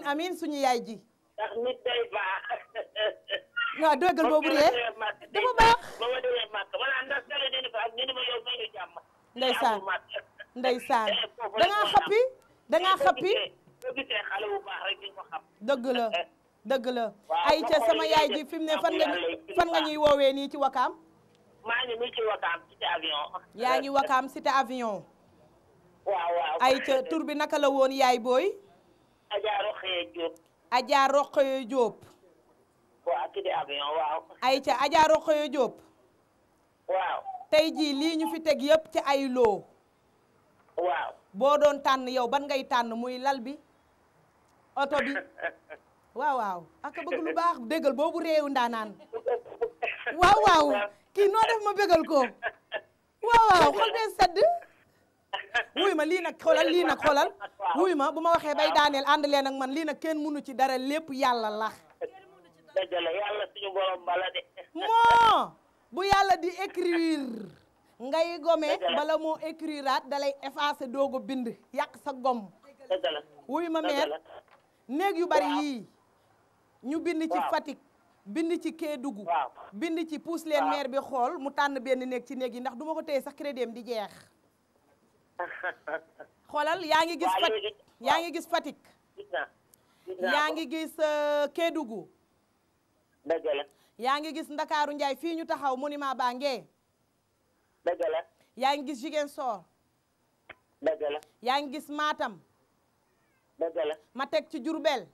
ma suñu yaay ji. ndax nit day boobu rek dafa baax. ba ma demee màkk wala ndax sale xappi da ngaa eh, xappi. Eh, dëgg la eh. dëgg la. ay sama yaay ji fi ne fan nga fan nga ñuy woowee nii ci wakaam. maa ngi nii ci Wakaam cité avion. yaa ngi Wakaam cité avion. ay ca tur bi naka la woon yaay booy. Adja Roqee Diop. Adja ay ca Adja Roqee Diop. tey jii lii ñu fi teg yëpp ci ay loo. boo doon tànn yow ban ngay tànn muy lal bi oto bi waaw waaw ak bëgg lu baax déggal boobu réew ndaanaan waaw waaw. kii noo def ma bégal ko waaw waaw xool bee sedd wuy ma lii nag xoolal lii nag xoolal wuy ma bu ma waxee bay daaneel ànd leen ak man lii nag kenn mënu ci dara lépp yàlla la yàlla suñu borom bala de moo bu yàlla di écrire ngay gome bala moo écriraat dalay effacer doogo bind yàq sa gom wuy ma meer néeg yu bari yii ñu bind ci Fatick bind ci Kédougou bind ci puus leen maire bi xool mu tànn benn néeg ci néeg yi ndax duma ko téye sax crédit di jeex xoolal yaa ngi gis Fatick yaa ngi gis Fatick yaa ngi gis euh, Kédougou dëgg yaa ngi gis Ndakaaru Njaay fii ñu taxaw monument baa ngee dëgg yaa ngi gis Ziguinchor dëgg yaa ngi gis maatam ma teg ci Jurbel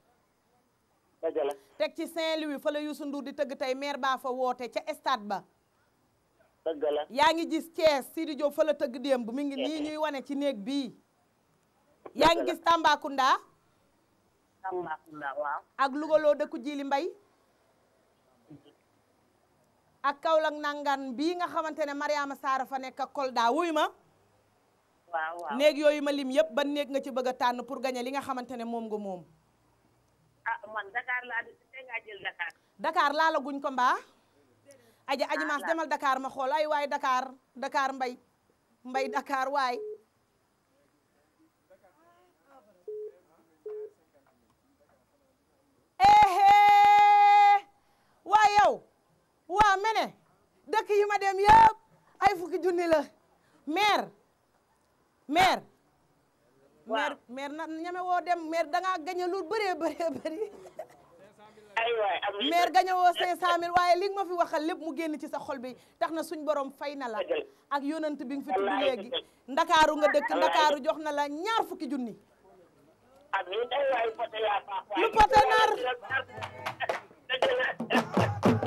teg ci Saint-Louis fa la Youssou Ndour di tëgg tey maire baa fa woote ca stade ba. yaa ngi gis Thiès Sidi Diop fa la tëgg démb mi ngi nii ñuy wane ci néeg bi yaa ngi gis Tambacounda. Tambacounda waaw. ak Louga dëkku Jili Mbay. ak Kaolack nangan bii nga xamante ne Mariama Saara fa nekk ak Kolda wuy ma. waaw waaw néeg yooyu ma lim yëpp ban néeg nga ci bëgg tànn pour gagner li nga xamante ne moom nga moom. ah man Dakar laa ko mbaa. aja aji maas demal Dakar ma xool ay waay Dakar Dakar mbay mbay Dakar waay. Eh, eh, waa yow waa mene dëkk yi dem yëpp ay fukki junni la maire maire. maire maire na ñeme woo dem maire da ngaa gañe lu bëree bëree bëri maire gañe woo cinq cent waaye li ma fi waxal lépp mu génn ci sa xol bi tax na suñ borom fay na la ak yonant bi nga fi tudd léegi ndakaaru nga dëkk ndakaaru jox na la ñaar fukki junni lu poté naar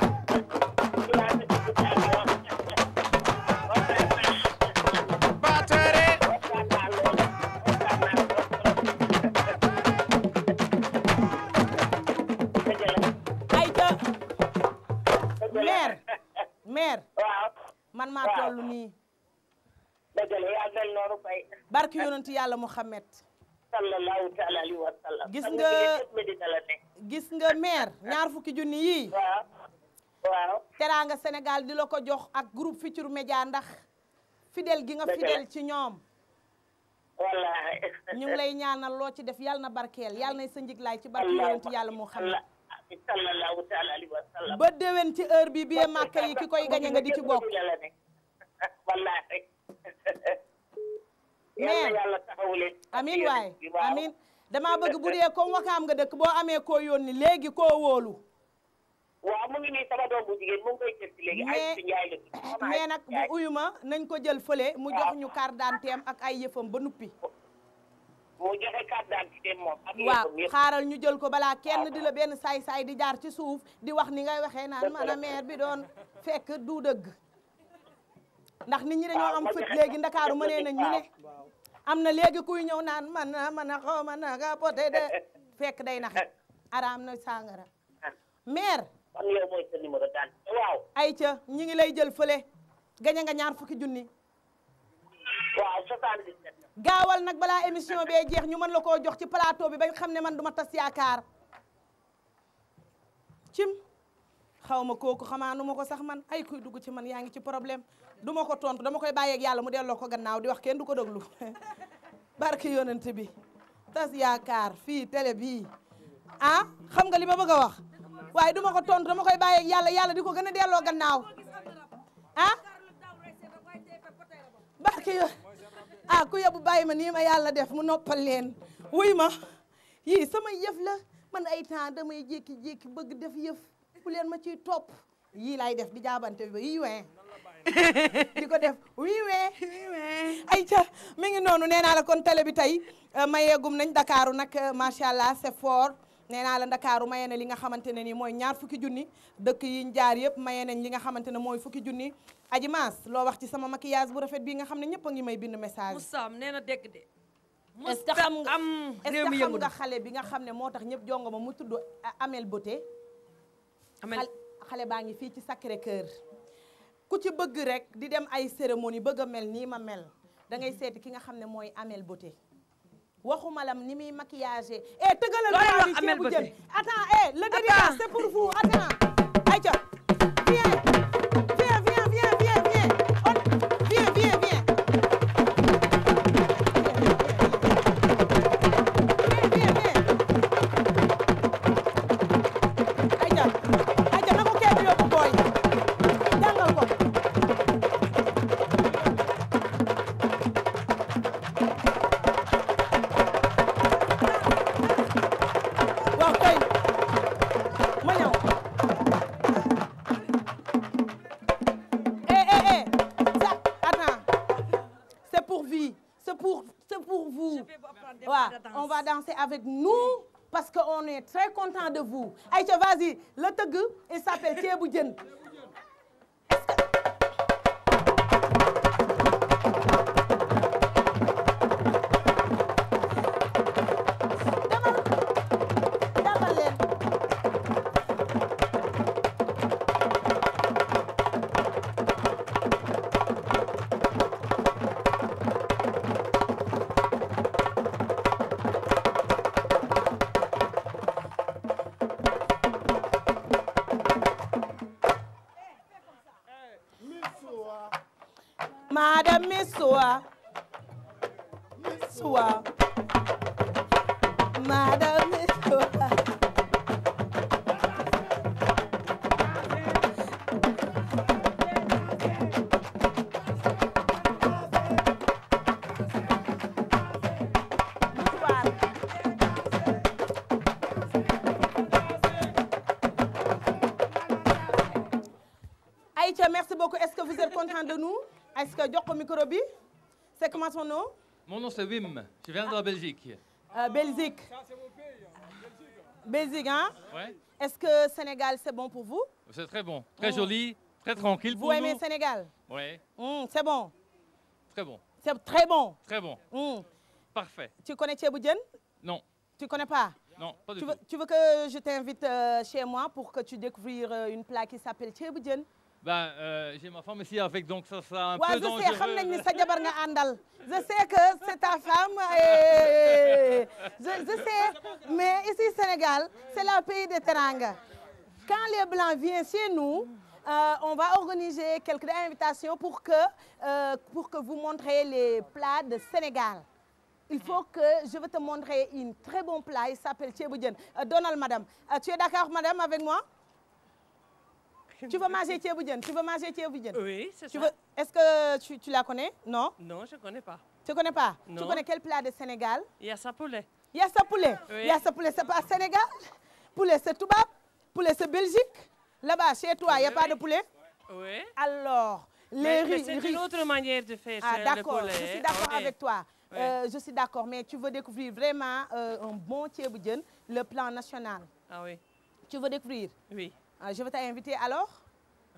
mère waaw man maa toll nii. dëgg la yàlla Muhammad. gis nga gis nga mère ñaar fukki junni yii. waaw waaw. teraanga Sénégal di la ko jox ak groupe Futurs Médias ndax. fidèle gi nga fidèle ci ñoom. wallaahi. ñu lay ñaanal loo ci def yàlla na barkeel yàlla na sa njiglaay ci barki yonantu yàlla Muhammad. sallallahu ba déwén ci heure bi biyee màkka yi ki koy gañe nga di ci bokk wallaahi mais yàlla taxawu leen amin waay amin damaa bëgg bu dee comme wakaam nga dëkk boo amee ko yónni léegi koo wóolu waaw mu léegi ay njaay la mais nag bu uyu nañ ko jël fële mu jox ah. ñu carte d'identité am ak ay yëfam ba nuppi mu joxe carte d'identité moom. waaw xaaral ñu jël ko balaa kenn di la benn saay-saay di jaar ci suuf di wax ni ngay waxee naan man a maire bi doon fekk du dëgg. ndax nit ñi dañoo am fët léegi ndakaaru mënee nañ ñu ne. am na léegi kuy ñëw naan man na man a xaw ma na nga poté de fekk day nax araam na sangara maire. man yow mooy sa numéro daal waaw. ayca ñi ngi lay jël fële gañe nga ñaar fukki junni. gaawal nag balaa émission bee jeex ñu man la koo jox ci plateau bi bañ xam ne man du ma tas yaakaar cim xaw ma kooku xamaanu ma ko sax man ay kuy dugg ci man yaa ngi ci problème duma ko tontu dama koy bàyyeeg yàlla mu delloo ko gannaaw di wax kenn du ko déglu barke yonent bi tas yaakaar fii télé bi ah xam nga li ma bëgg a wax waaye duma ko tontu dama koy bàyyeeg yàlla yàlla di ko gën a delloo gannaaw ah barke yo ah ku yebu bàyyi ma nii ma yàlla def mu noppal leen wuy ma yii sama yëf la man ay temps damay jékki-jékki bëgg def yëf ku leen ma ci topp yii laay def di jaabante bi ba yii ko def wii ween ay ca mi ngi noonu nee naa la kon télé bi tey eh, mayeegum nañ Dakaaru nag eh, macha allah c'est nee naa la ndakaaru maye na li nga xamante ne ni mooy ñaar fukki junni dëkk yi ñu jaar yëpp maye nañ li nga xamante ne mooy fukki junni aji loo wax ci sama maquillage bu rafet bii nga xam ne ñëpp a ngi may bind message Moustam nee na dégg de que xam nga est-ce que xale bi nga xam ne moo tax ñëpp jongo ma mu tudd Amel Beauté Amel xale baa ngi fii ci Sacré Cœur ku ci bëgg rek di dem ay cérémonie bëgg a mel nii ma mel da ngay seeti ki nga xam ne mooy Amel Beauté waxuma lam ni muy maquillage eh tëgalal. looy wax amel ba tey attends eh le dédicace c'est pour vous attends ayca. est très content de vous. Aïcha, vas-y, le tegu, il s'appelle Thiebou micro bi c'est comment son nom. mon nom c'est Wim je viens de Belgique. Euh, Belgique. Est-ce que Sénégal c'est bon pour vous. c'est très bon très joli très tranquille vous nous. Vous Sénégal. c'est bon. très bon. très bon. parfait. tu connais ceebu non. tu connais pas. non pas du tu euh, euh, une plaque qui s'appelle ceebu ben euh, ma femme donc ça sera un ouais, peu dangereux. waaw je sais sa jabar nga àndal je sais Sénégal c'est la pays de teranga quand les blancs viennent chez nous euh, on va organiser quelques invitations pour que euh, vous montrez les plats de Sénégal. Il faut que je vais te montrer une très bon plat, il s'appelle ceebu euh, Donald madame. Euh, tu es d'accord madame avec moi? tu veux manger ceebu jën tu veux manger ceebu jën. oui c'est ça tu veux est-ce que tu tu la connais non. non je connais pas. tu connais pas. de Sénégal. yassa poulet. yassa ya oui yassa poulet c'est Sénégal. poulet c'est tubaab poulet c'est Belgique là-bas toi y a pas de poulet. oui alors. les riz mais c'est une autre manière ah d'accord je suis d'accord avec toi. Euh, je suis d'accord mais tu veux découvrir vraiment euh, un bon ceebu le plan national. ah oui. tu Euh, je vais t'inviter alors.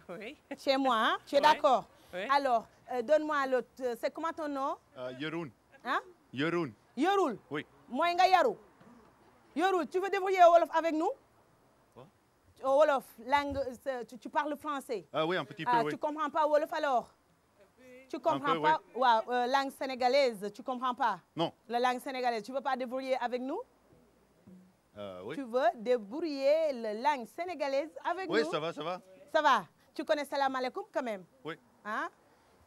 oui chez moi hein? tu es oui. d'accord. oui alors euh, donne-moi l'autre euh, c'est comment ton nom. Euh, Yeroun. ah Yeroun. Yeroul. oui mooy nga yaru. Yeroul tu veux débrouiller wolof avec nous. Oh, wolof langue tu, tu parles français. ah oui un petit ah, peu ah, oui. tu comprends pas wolof alors. tu comprends peu, pas waaw ouais. ouais, euh, langue sénégalaise tu comprends pas. non la langue sénégalaise tu veux pas débrouiller avec nous. Euh, oui. Tu veux débrouiller la langue sénégalaise avec oui, nous. Oui, ça va, ça va. Tu connais salam alaikum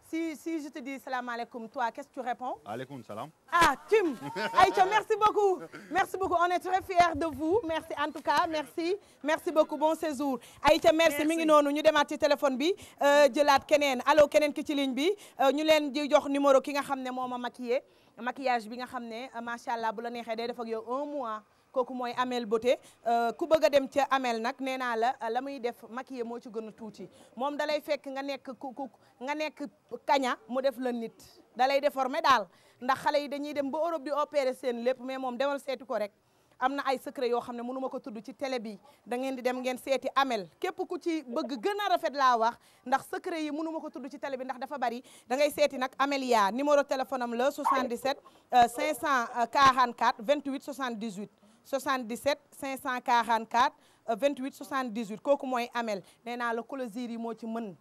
si, si je te dis salam alaikum, toi, qu'est-ce tu réponds Alaikum salam. Ah, Tim Aïcha, merci beaucoup. Merci beaucoup. On est très fiers de vous. Merci en tout cas. Merci. Merci beaucoup. Bon séjour. Aïcha, merci. Mi ngi noonu ñu demaat ci téléphone bi euh, jëlaat keneen alo keneen ki ci ligne bi euh, ñu leen di jox numéro ki nga xam ne moo ma maquillé maquillage bi nga xam ne euh, macha allah bu la neexee day def ak yow mois. kooku mooy Amel Beauté euh, ku bëgg a dem ca Amel nag nee naa la la muy def maquillé moo ci gën a tuuti moom dalay fekk nga nekk ku nga nekk kaña mu def la nit dalay déformé daal ndax xale yi dañuy dem ba Europe di opérer seen lépp mais moom demal seeti ko rek am na ay secret yoo xam ne mënu ma ko tudd ci télé bi da ngeen di dem ngeen seeti Amel képp ku ci bëgg gën a rafet laa wax ndax secret yi mënu ma ko tudd ci télé bi ndax dafa bari da ngay seeti nag Amelia numéro téléphone am la 77 544 28 78. 77 544 euh, 28 78 kooku mooy Amel nee naa la clôture yi moo ci mën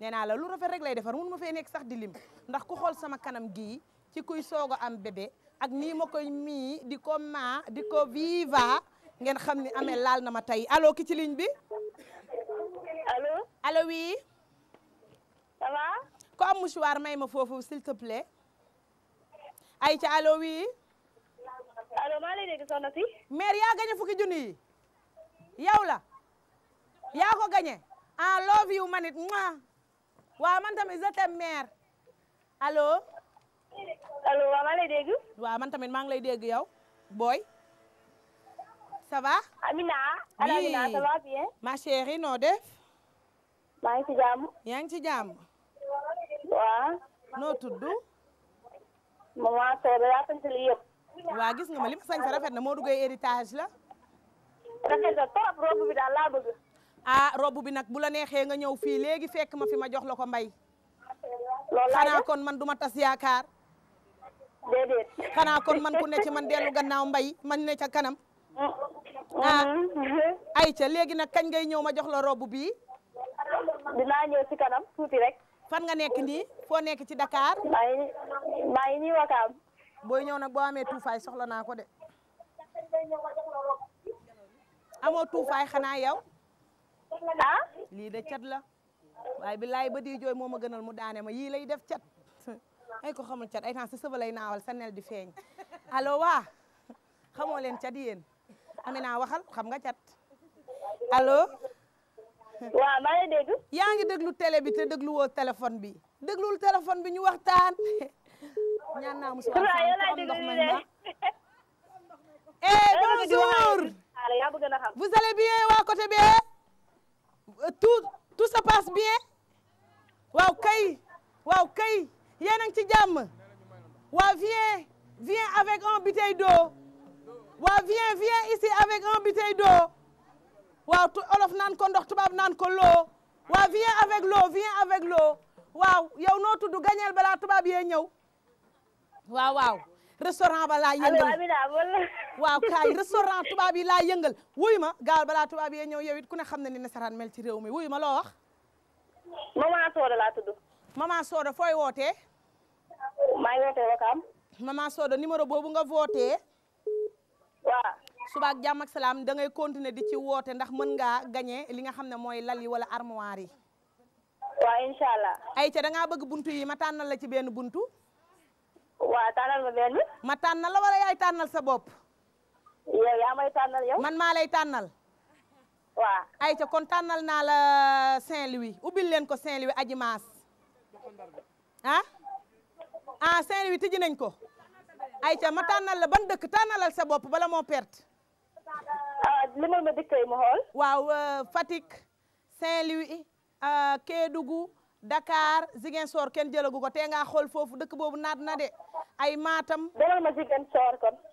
nee naa la lu rafet rek lay defar mun ma fee nekk sax di lim ndax ku xool sama kanam gi ci kuy soog a am bebe ak nii ma koy mii di ko maa di ko viva ngeen xam ni Amel laal na ma tey allo ki ci ligne bi allo allo oui. ko am mouchoir may ma foofu s'il te plaît. ay ca allo oui. allo maa lay dégg yaa gañe fukki junni yi la yaa ko gañe ah love you man it moi man tamit je t'aime maire allo. allo waaw maa man tamit maa ngi lay dégg yow booy. ça ma chérie noo def. maa ngi ci jàmm. yaa ngi ci jàmm. waaw. noo tudd. maman Sèye ba yaa fëntali yëpp. waa gis nga ma li ma sañ rafet na moo duggee héritage la. rafet na trop bi daal laa bëgg. Ah, nag bu la neexee nga ñëw fii léegi fekk ma fi ma jox la ko mbay. loolu xanaa kon man du ma tas yaakaar. déedéet. xanaa kon man ku ne ci man dellu gannaaw mbay man ne ca kanam. Mm-hmm. ah mm-hmm. ayca léegi nag kañ ngay ñëw ma jox la robe bii. dinaa ñëw ci kanam tuuti rek. fan nga nekk nii foo nekk ci Dakar. maa ngi nii Wakaam. booy ñëw nag boo amee tuufaay soxla naa ko de amoo tuufaay xanaa yow ah? lii de cat la waaye bi laay ba di jooy moo ma gënal mu daane ma yii lay def cat ay ko xamul cat ay temps sa sëba lay naawal sa nel di feeñ allo waa xamoo leen cat yen Amina waxal xam nga cat allo waaw yaa ngi déglu télé bi te dégluwoo téléphone bi déglul téléphone bi ñu waxtaan ñaan naa musu am ndox may ma eh bonjour vous allez bien waa côté bi eh? tout tout se passe bien waaw kay waaw kay yéen a ci jàmm waaw viens viens avec un bouteille d'eau waaw viens viens ici avec un bouteille d'eau waaw olof naan ko ndox tubaab naan ko l'eau waaw viens avec l'eau viens avec l'eau waaw yow noo tudd gañeel balaa tubaab yee ñëw waaw waaw restaurant ba laa yëngal waaw kaay restaurant tubaab yi laa yëngal wuyu ma gaal balaa tubaab yee ñëw yow it ku ne xam na ni nasaraan mel ci rew mi wuy ma loo wax maman Soda laa tudd ma sooda fooy wootee maa ngi wootee Wakaam maman Soda numéro boobu nga vootee waaw suba ak jàmm salaam da ngay continuer di ci woote ndax mën ngaa gagné li nga xam ne mooy lal yi wala armoire yi waaw incha allah ay ca da bëgg buntu yi ma tànnal la ci benn buntu waa tànnal ma benn. ma tànnal la wala yaay tànnal sa bopp. yow yaa may tànnal yow. man maa lay tànnal. waaw ayca kon tànnal naa la Saint-Louis ubbil leen ko Saint-Louis aji maas ah? ah Saint-Louis tijji nañ ko ayca ma tànnal la ban dëkk tànnalal sa bopp bala moo perte. Ah, li ma ma dëkkee mu xool. waaw euh, Fatick Saint-Louis euh, Kédougou. Dakar Ziguinchor kenn jëlagu ko tee ngaa xool foofu dëkk boobu naat na de ay maatam.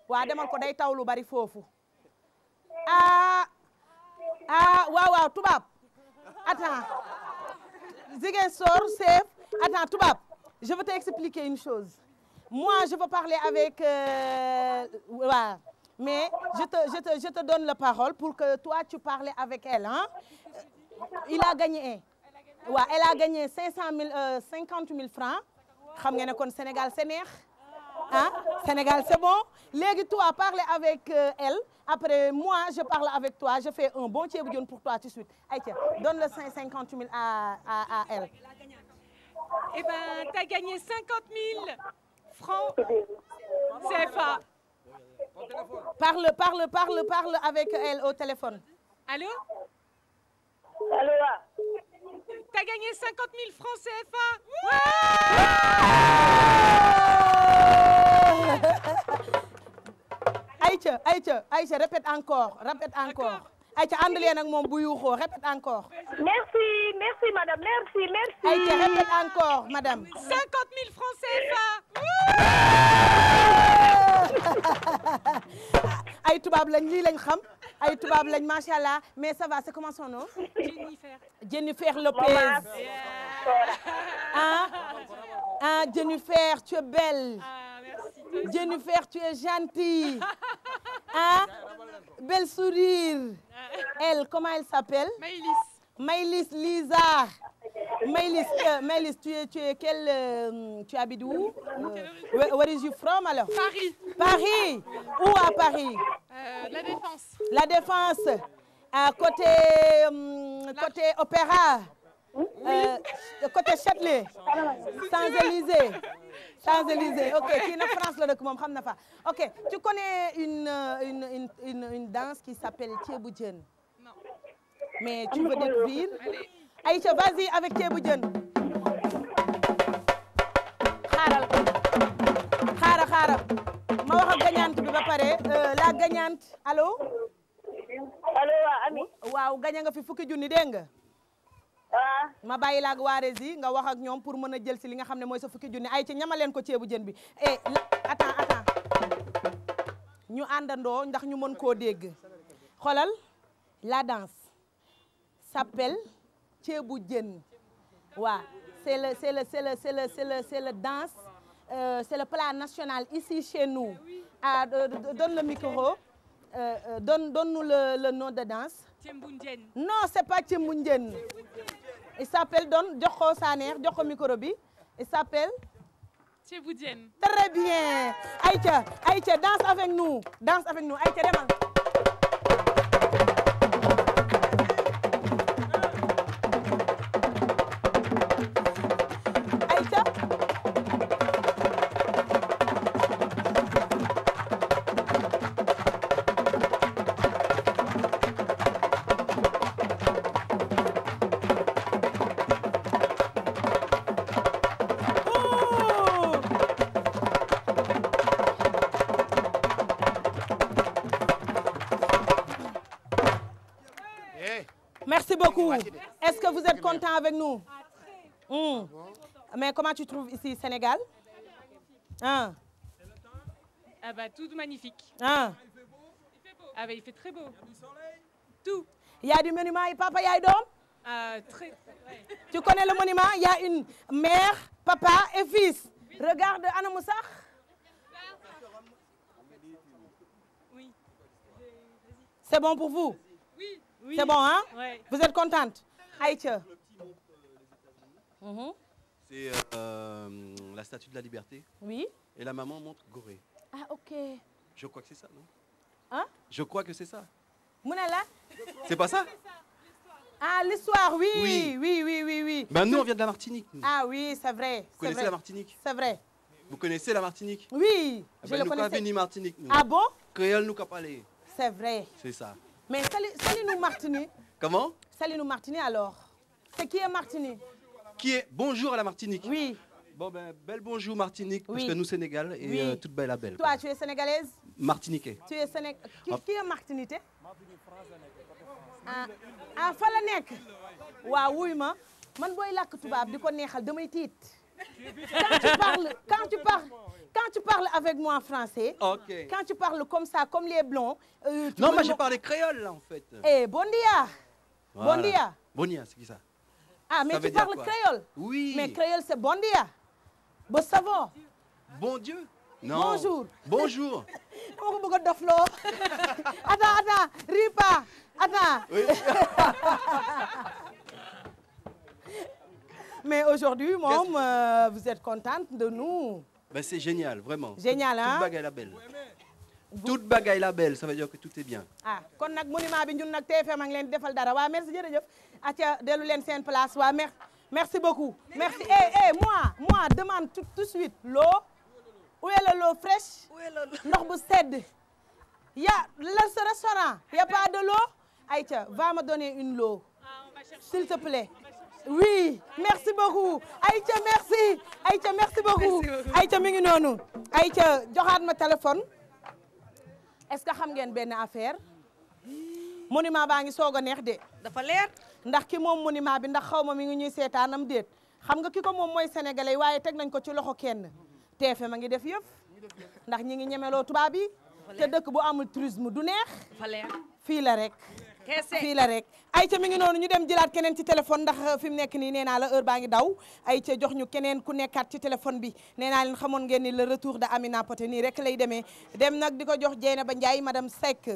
waa demal ko day taw lu bari foofu. ah ah waa waaw tubaab attends Ziguinchor chef attends tubaab je veux t'expliquer une chose moi je veux parler avec euh, waa mais je te je la parole pour que toi tu parles avec elle il a gagné waaw elle a gagné cinq cent mille euh, cinquante mille francs xam nga ne kon Sénégal c'est neex ah Sénégal c'est bon léegi toi parle avec euh, elle après moi je parle avec toi je fais un bon ceebu jën pour toi tout suite donne le cinq cinquante mille à à à elle. eh ben t'as gagné cinquante mille francs CFA. parle parle parle avec elle au téléphone. allô. T'as gagné 50 000 francs CFA Aïcha Aïcha Aïcha répète encore répète encore Aïcha ànd leen ak moom bu yuuxoo répète encore. merci merci madame merci merci. Aïcha répète encore madame. 50 000 francs CFA. ay tubaab lañ lii lañ xam. ay tubaab lañ macha allah mais ça va c'est comment son nom. Jennifer. Jennifer Lopez. ah ah Jennifer tu es belle. Ah, Jennifer tu es gentille. ah belle sourire. Ah. elle comment elle s'appelle. Maïlis. Maïlis Lisa. Maïlis, euh, tu es, tu es quel, euh, tu habites où? Euh, where, where is you from alors? Euh, la Défense. La Défense. À côté, côté Opéra. côté Châtelet. Champs-Élysées. champs France la dëkk xam na fa ok tu connais une une danse qui s'appelle ceebu jën. tu veux découvrir. Aïcha vas-y avec ceebu jën xaaral xaara ma wax ak gagnante bi ba pare euh, la gagnante allo allo waaw gagné nga fi fukki junni de nga waaw ah. ma bàyyi laag waare yi nga wax ak ñoom pour mën a jël si li nga xam ne mooy sa fukki junni ay ci ñamaleen ko ceebu jën bi eh attends attends ñu àndandoo ndax ñu mën koo dégg xoolal la danse s'appelle ceebu jën waaw c'est le c'est le le le le le danse euh, c'est le plat national ici chez nous ah donne le micro euh, euh, donne le, nom de danse non c'est pas ceebu jën il s'appelle donne jox ko sa neex jox ko bi il s'appelle ceebu jën très bien Aïcha Aïcha danse avec nous danse avec nous Aïcha demal beaucoup. Est-ce que vous êtes content avec nous hmm. Mais comment tu trouves ici, Sénégal ah ah il y a du monument et papa yaay doom. Ah, tu connais le monument, il y a une mère, papa et fils. Regarde Anna Moussa. C'est bon pour vous? Oui. C'est bon, hein ouais. Vous êtes contente Aïcha. Mmh. C'est euh, euh, la statue de la liberté. Oui. Et la maman montre Gorée. Ah, ok. Je crois que c'est ça, non Hein Je crois que c'est ça. Mounala C'est pas ça ah, l'histoire, oui, oui, oui, oui, oui. oui. Ben nous, on vient de la Martinique. Nous. Ah oui, c'est vrai. Vous connaissez vrai. la Martinique C'est vrai. Vous connaissez la Martinique Oui, ah ben je le connais. Nous connaissons Martinique. Nous. Ah bon Créole, nous, parler. C'est vrai. C'est ça. Mais Salinou Martini. Comment Salinou alors. C'est qui est Martini Bonjour à la Martinique. Oui. Bon ben, bel bonjour Martinique, oui. parce que nous Sénégal et oui. euh, toute belle belle. Toi, quoi. tu es sénégalaise Martiniquais. Tu es sénég... Qui, ah. qui Martinique ah ah fa la nekk. waaw ma man booy làkk tubaab di ko neexal damay tiit. quand tu parles quand tu parles. quand tu parles avec moi en français. ok quand tu parles comme ça comme les blonds. Euh, non mais je parlais créole là en fait. eh bon dia. Voilà. bon dia. bon dia c'est qui ça. ah mais ça tu parles créole. oui mais créole c'est bon dia. ba savon. bon Dieu. non bonjour. bonjour. dama ko bëgg a dofloo. attends attends ris pas attends. oui. mais aujourd'hui moom euh, vous êtes contente de nous. Ben c'est génial, vraiment. Génial, hein? Toute bagaille la belle. toute bagaille la belle, ça veut dire tout est bien. ah kon nag monument bi ñun nag TFM a ngi leen di defal dara waa merci jërëjëf. atia dellu leen seen place waa mer merci beaucoup. merci eh eh moi moi demande tout de suite l'eau. où est le l'eau fraîche. où bu sedd. ya la sa restaurant. y pas de l'eau. Aïcha va me donner une l'eau. Ah, s'il te plaît. oui merci beaucoup Aïcha merci Aïcha merci beaucoup Aïcha mi ngi noonu Aïcha joxaat ma téléphone est-ce que xam ngeen benn affaire monument baa ngi soog a neex de dafa leer ndax ki moom monument bi ndax xaw ma mi ngi ñuy seetaanam déet xam nga ki ko moom mooy sénégalais waaye teg nañ ko ci loxo kenn TFM a ngi def yëf ndax ñi ngi ñemeloo tubaab yi te dëkk bu amul tourisme du neex fii la rek fii la rek ayca mi ngi noonu ñu dem jëlaat keneen ci téléphone ndax uh, fi mu nekk ni nee naa la heure baa ngi daw ayca jox ñu keneen ku nekkaat ci téléphone bi nee naa leen xamoon ngeen ni le retour de Amina Poté nii rek lay demee dem nag di ko jox Dieynaba Ndiaye madame sek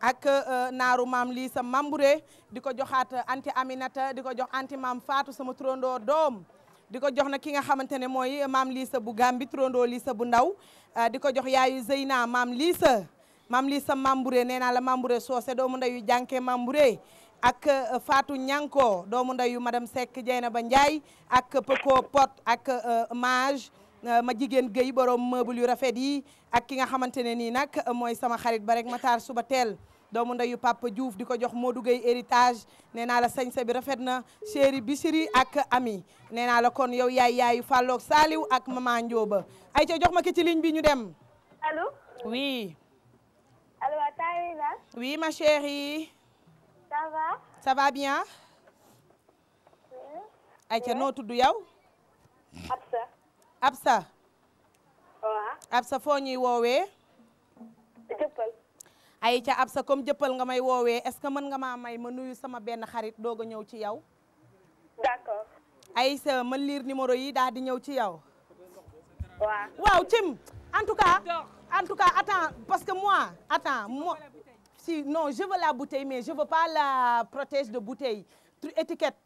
ak uh, naaru maam lii sa Mambouré di ko joxaat uh, anti Aminata di ko jox anti maam faatu sama turandoo doom di ko jox nag ki nga xamante ne mooy maam lii sa bu Gambi turandoo lii sa bu ndaw di ko jox yaayu Zeyna maam lii sa mam li sa Mambouré nee naa la Mambouré soose doomu ndeyu jànke Mambouré ak euh, faatu Ñanko doomu ndeyu madame Seck ba Ndiaye ak Peko Pot ak euh, Mage euh, ma jigéen Guèye borom meuble yu rafet yi ak ki nga xamante ne nii nag mooy sama xarit ba rek Matar suba teel doomu yu Papa juuf di ko jox Modou Gueye héritage nee naa la sañse bi rafet na chéri Bichiri ak Ami nee naa la kon yow yaay yaayu Falloog Saliw ak Maman Ndioba ay ca jox ma ki ci ligne bi ñu dem allo Allô, Tarina Oui, ma chérie. Ça va Ça va bien Aïcha noo tudd yow Absa Absa Absa foo ñuy woowee jëppal Aïcha Absa comme jëppal nga may woowe est-ce que mën nga maa may ma nuyu sama benn xarit doog a ñëw ci yaw d'accord Aïcha liir numéro yi daal di ñëw ci yow waaw cim en tout en tout cas attends parce que moi attends moi si non je veux la bouteille mais je veux pas la protège de bouteille étiquette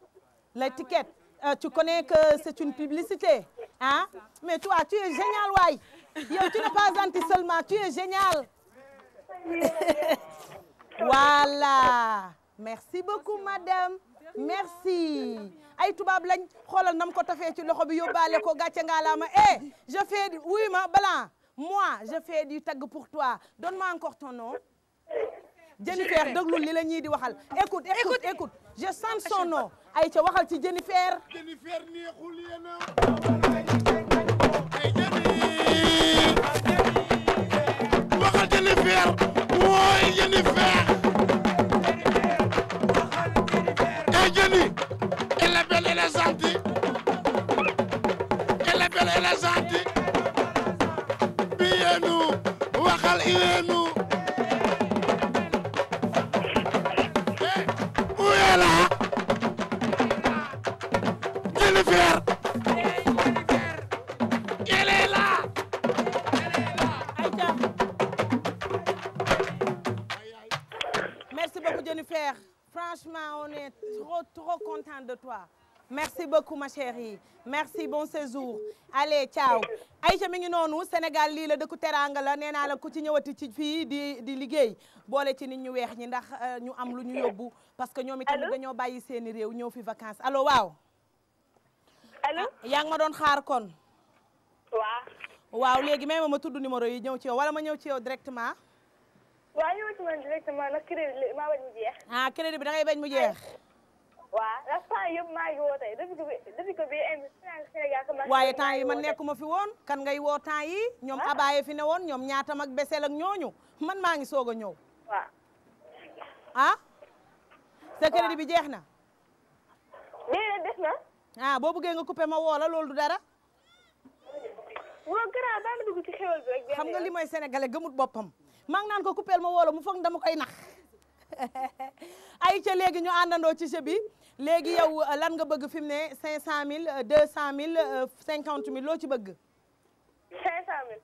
l'étiquette euh, tu connais que c'est une publicité hein mais toi tu es génial waay yow tu n'es pas gentil seulement tu es génial voilà merci beaucoup madame merci ay tubaab lañ xoolal nam ko tafee ci loxo bi yóbbaale ko gàcce ngaalaama eh je fais oui ma blanc moi je fais du tagg pour toi donne-moi encore ton Jennifer déglul li la ñuy di waxal écoute écoute je sens ay ca waxal ci Jennifer Jennifer neexul yéena waxal Jennifer mooy Jennifer et Jenny elle iweenu waxal iweenu uyela eh, Jennifer yelela eh, merci beaucoup Jennifer franchement on est trop content de toi merci beaucoup ma chérie merci bon séjour allez ciao Aïcha mi ngi noonu Sénégal lii la dëkku teraanga la nee naa la ku ci ñëwati ci fii di di liggéey boole ci nit ñu weex ñi ndax euh, ñu am lu ñu yóbbu parce que ñoom itamit dañoo bàyyi seeni réew ñëw fi vacances allo waaw allo ah, yaa ngi ma doon xaar kon waaw waaw léegi même ma tudd numéro yi ñëw ci yow wala ma ñëw ci yow directement waaw ñëw ci man directement nag crédit maa bañ mu jeex ah crédit bi da ngay bañ mu jeex waaw ndax temps yëpp maa ngi woo waaye temps yi man nekkuma fi woon kan ngay woo temps yi ñoom abaaye fi ne woon ñoom ñaatam ak beseel ak ñooñu man maa ngi soog a ñëw. waaw. ah. bi jeex na. déedéet des na. Ah, boo bëggee nga coupé ma woo la loolu du dara. waaw grand baa xam nga li mooy sénégalais gëmut boppam. maa ngi naan ko coupé ma woo mu foog dama koy nax ay ca léegi ñu àndandoo ci jeu bi. léegi yow euh, lan nga bëgg fi mu ne 500000 200000 50000 loo ci bëgg. 500000.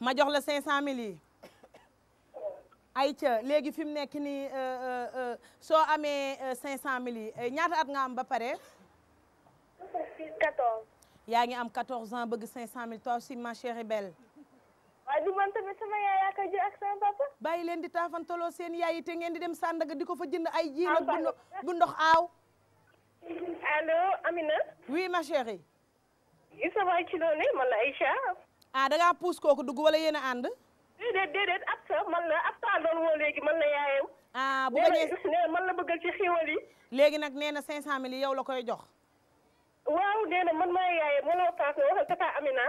ma jox la 500000 yi. ayca léegi fi mu nekk nii euh, euh, soo amee 500000 yi ñaat at nga am ba pare. 14. yaa ngi am 14 ans bëgg 500000 toi aussi ma chérie belle. man tamit sama yaay yaa bàyyi leen di taafantaloo seen yaay ngeen di dem Sandaga di ko fa jënd ay. jiin ak bu ndox aaw. allo Amina. oui ma chérie. Issa waay ci loone man la Aïcha. ah da ngaa puus kooku dugg wala yéen a ànd. déedéet déedéet ab man la ab sa woo léegi man la yaayam. ah bu bañee man la bëggal ci xiiwal yi. léegi nag nee na 500000 yi yow la koy jox. waaw nee na man maa yaayam man la paas waxal tata Amina.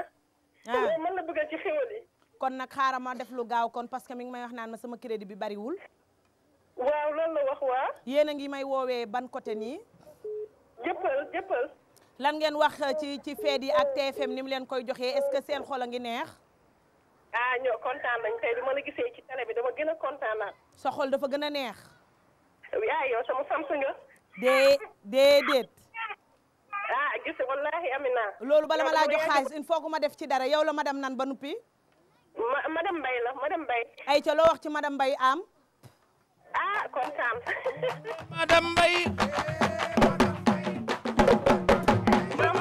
ah man la bëggal ci xiiwal kon nag xaaral ma def lu gaaw kon parce que mi ngi may wax naan ma sama crédit bi bariwul. waaw loolu la wax wa yéen a ngi may woowee ban côté nii. jëppal jëppal. lan ngeen wax euh, ci ci feet yi ak TFM ni mu leen koy joxee est-ce que seen xol a ngi neex. ah ñoo kontaan lañ tey bi ma la ci télé bi dama gën a kontaan naat. sa xol dafa gën a neex. yaay yow sama samsu nga. dee déedéet. ah gis wallahi Amina. loolu bala ma laa jox xaalis il faut ma def ci dara yow la madame nan ba nuppi ma madame Mbaye la madame Mbaye. ay ca loo wax ci madame mbay am. ah kontaan. madame Mbaye.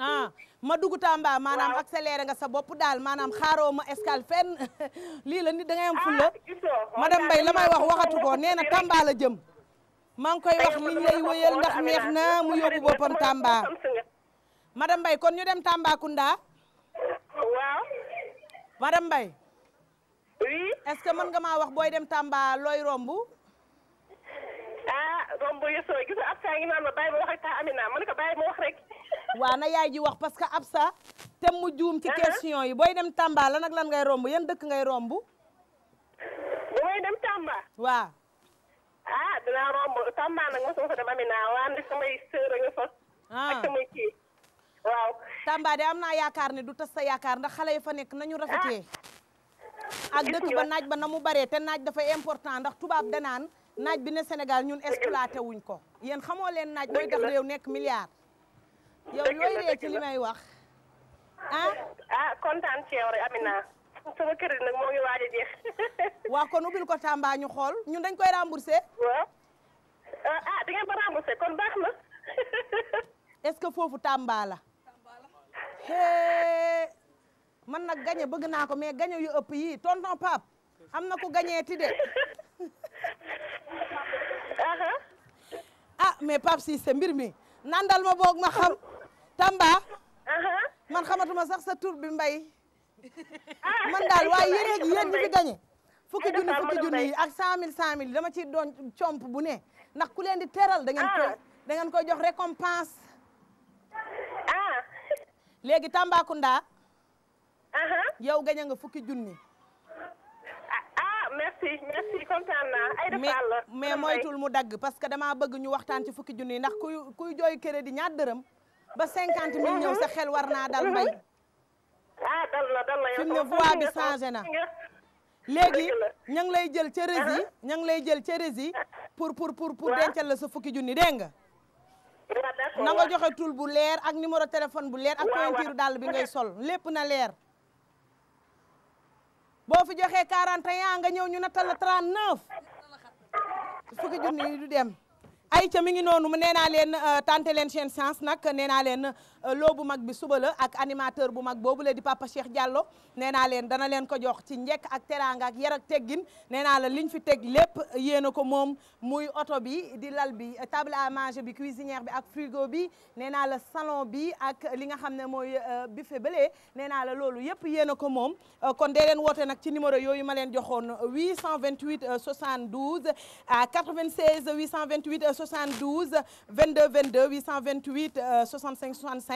ah ma dugg Tamba maanaam accéléré nga sa bopp daal maanaam xaaroo ma escale fenn lii la nit da ngay am fulla ah, madame la may wax waxatu ko nee na Tamba la jëm maa ngi koy wax liñ lay wëyal ndax neex na mu yóbbu boppam Tamba madame kon ñu dem Tambacounda. waaw. madame Mbaye. oui est-ce que mën nga maa wax booy dem Tamba looy romb. ah doom bu yësoo gis nga Absa ngi naan ma bàyyi ma wax ak taa Amina ma ne ko bàyyi ma wax rek. waaw na yaay ji wax parce que Absa te mu juum ci ah. question yi booy dem Tamba lan ak lan ngay romb yan dëkk ngay romb. bu may dem Tamba. waaw. ah dinaa romb Tamba nag mosuma fa dem Amina waa ndi samay sœur nga fa. Ah. ak samay waaw. Tamba de am naa yaakaar ne du tas sa yaakaar ndax xale yi fa nekk nañu rafetee. Ah. ak dëkk ba naaj ba na mu baree te naaj dafa important ndax tubaab danaan. naaj bi ne Sénégal ñun exploité wuñ ko yéen xamoo leen naaj mooy tax réew nekk milliard yow looy ree may wax ah ah kontaan ci yow rek Amina sama kon ubbil ko Tamba ñu xool ñun dañ koy remboursé waaw ah, ah di ce que foofu Tamba la man nag gañe bëgg naa ko mais gañe yu ëpp yii tonton Pape am na ko gañee ti de a ah, mais Pape Cissé mbir mi nandal ma boog ma xam Tamba man xamatuma sax sa tur bi mbay ah. man daal waaye yéen ak yéen ñi fi gañe fukki junni fukki junni yi ak cent mille cent mille dama ci doon comp bu ne ndax ku leen di teral da ngeen ah. koy da ngeen koy jox récompense ah léegi Tambacounda yow gañe nga fukki junni merci merci kontaan ay defal mais moytul mu dagg parce que damaa bëgg ñu waxtaan ci fukki junni ndax kuy kuy jooy di ñaar dërëm ba cinquante mille ñëw mhm. sa xel war naa dal mbay mhm. ah dal na dal na yow bi changé na léegi ña ngi lay jël ca rési uh-huh. ña ngi lay jël ca rési pour pour pour pour dencal la sa fukki junni dégg nga na nga joxe tul bu leer ak numéro téléphone bu leer ak pointure dàll bi ngay sol lépp na leer boo fi joxee ya nga ñëw ñu nattal la 39 fukki junni yi du dem ay ca mi ngi noonu mu nee naa leen euh, tante leen seen chance nag nee naa leen Euh, loo bu mag bi suba la ak animateur bu mag boobu la di papa Cheikh Diallo nee naa leen dana leen ko jox ci njekk ak teraanga ak yar teggin nee naa la liñ fi teg lépp yéen a ko moom muy oto bi di lal bi table à manger bi cuisinière bi ak frigo bi nee naa la salon bi ak li nga xam ne mooy euh, buffet bële nee naa la loolu yëpp yéen a ko moom euh, kon dee leen woote nag ci numéro yooyu ma leen joxoon 828 72 96 828 72 22 22 828 65 65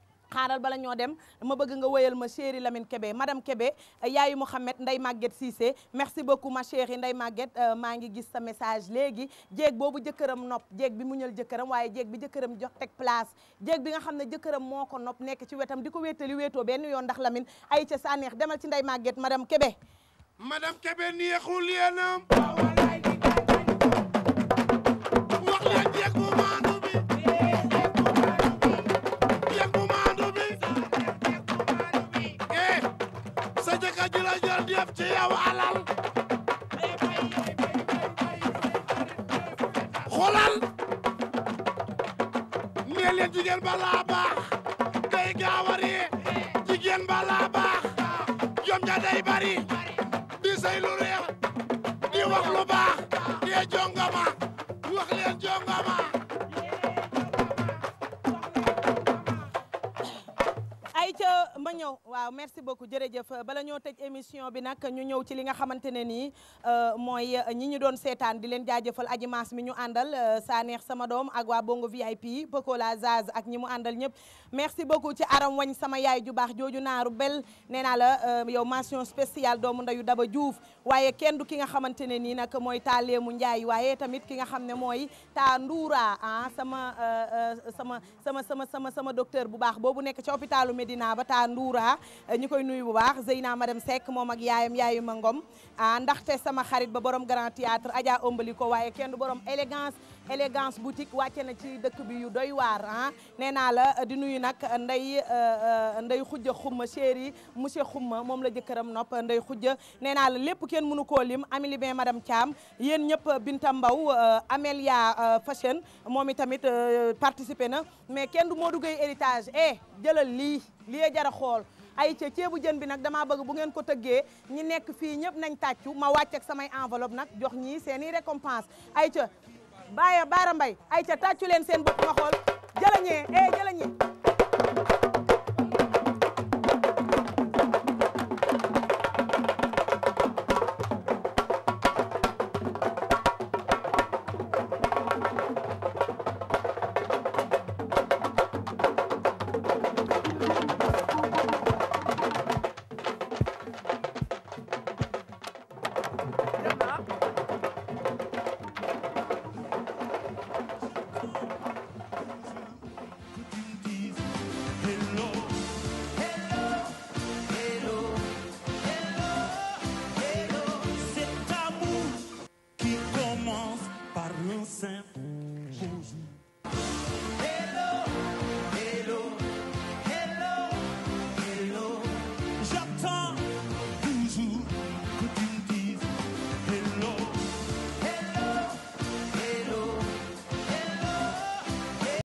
xaaral bala ñoo dem ma bëgg nga woyal ma chérie Lamine Kébé madame Kébé yaayu Mouhamed Ndeye Maguette Cissé merci beaucoup ma chérie Ndeye Maguette euh, maa ngi gis sa message léegi jéeg boobu jëkkëram nopp jéeg bi muñal jëkkëram waaye jeeg bi jëkkëram jox teg place jéeg bi nga xam ne jëkkëram moo ko nopp nekk ci wetam di ko wéetali wéetoo benn yoon ndax lamin ay ca sànneex demal ci nday Maguette madame Kébé madame Kébé neexul yéenam nga jël def ci yow alal xoolal nee leen jigéen balaa baax day gaaw a ree jigéen balaa baax jom ja day bari di say lu reex di wax lu baax dee jongama wax leen jongama waaw merci beaucoup jërëjëf bala ñoo tëj émission bi nag ñu ñëw ci li nga xamante ne nii euh, mooy euh, ñi ñu doon seetaan di leen jaajëfal aji maas mi ñu àndal euh, saa sama doom ak waa Bongo VIP Pokola Zaz ak ñi mu àndal ñëpp merci beaucoup ci aram wañ sama yaay ju baax jooju naaru bel nee naa la yow mention spécial doomu ndayu Daba Diouf waaye kenn du ki nga xamante ne nii nag mooy taaleemu Njaay waaye tamit ki nga xam ne mooy taa Nduura ah sama sama sama sama sama sama docteur bu baax boobu nekk ci hôpitalu Médina ba taa Euh, ñu koy nuyu bu baax Zeyna madame Seck moom ak yaayam yaayu ma ngom ah ndaxte sama xarit ba borom grand théâtre Adja ombali ko waaye kenn du borom élégance élégance boutique wàcce na ci dëkk biyu doy waar ah nee naa la di nuyu nag nday euh, euh, nday xujja xumma chéri monsieur xumma moom la jëkkëram nopp nday xujja nee naa la lépp kenn mënu koo lim Amélie Bien madame Thiam yéen ñëpp Binta Mbaw Amélia Fashion moom i tamit participé na mais kenn du moo duggee héritage e jëlal lii lii jara xool ay ca ceebu jën bi nag damaa bëgg bu ngeen ko tëggee ñi nekk fii ñëpp nañ tàccu ma wàcc ak samay enveloppe nag jox ñii seeni récompense ay ca baaya baara mbay ay ca leen seen bopp ma xool jëlañee eh jëlañee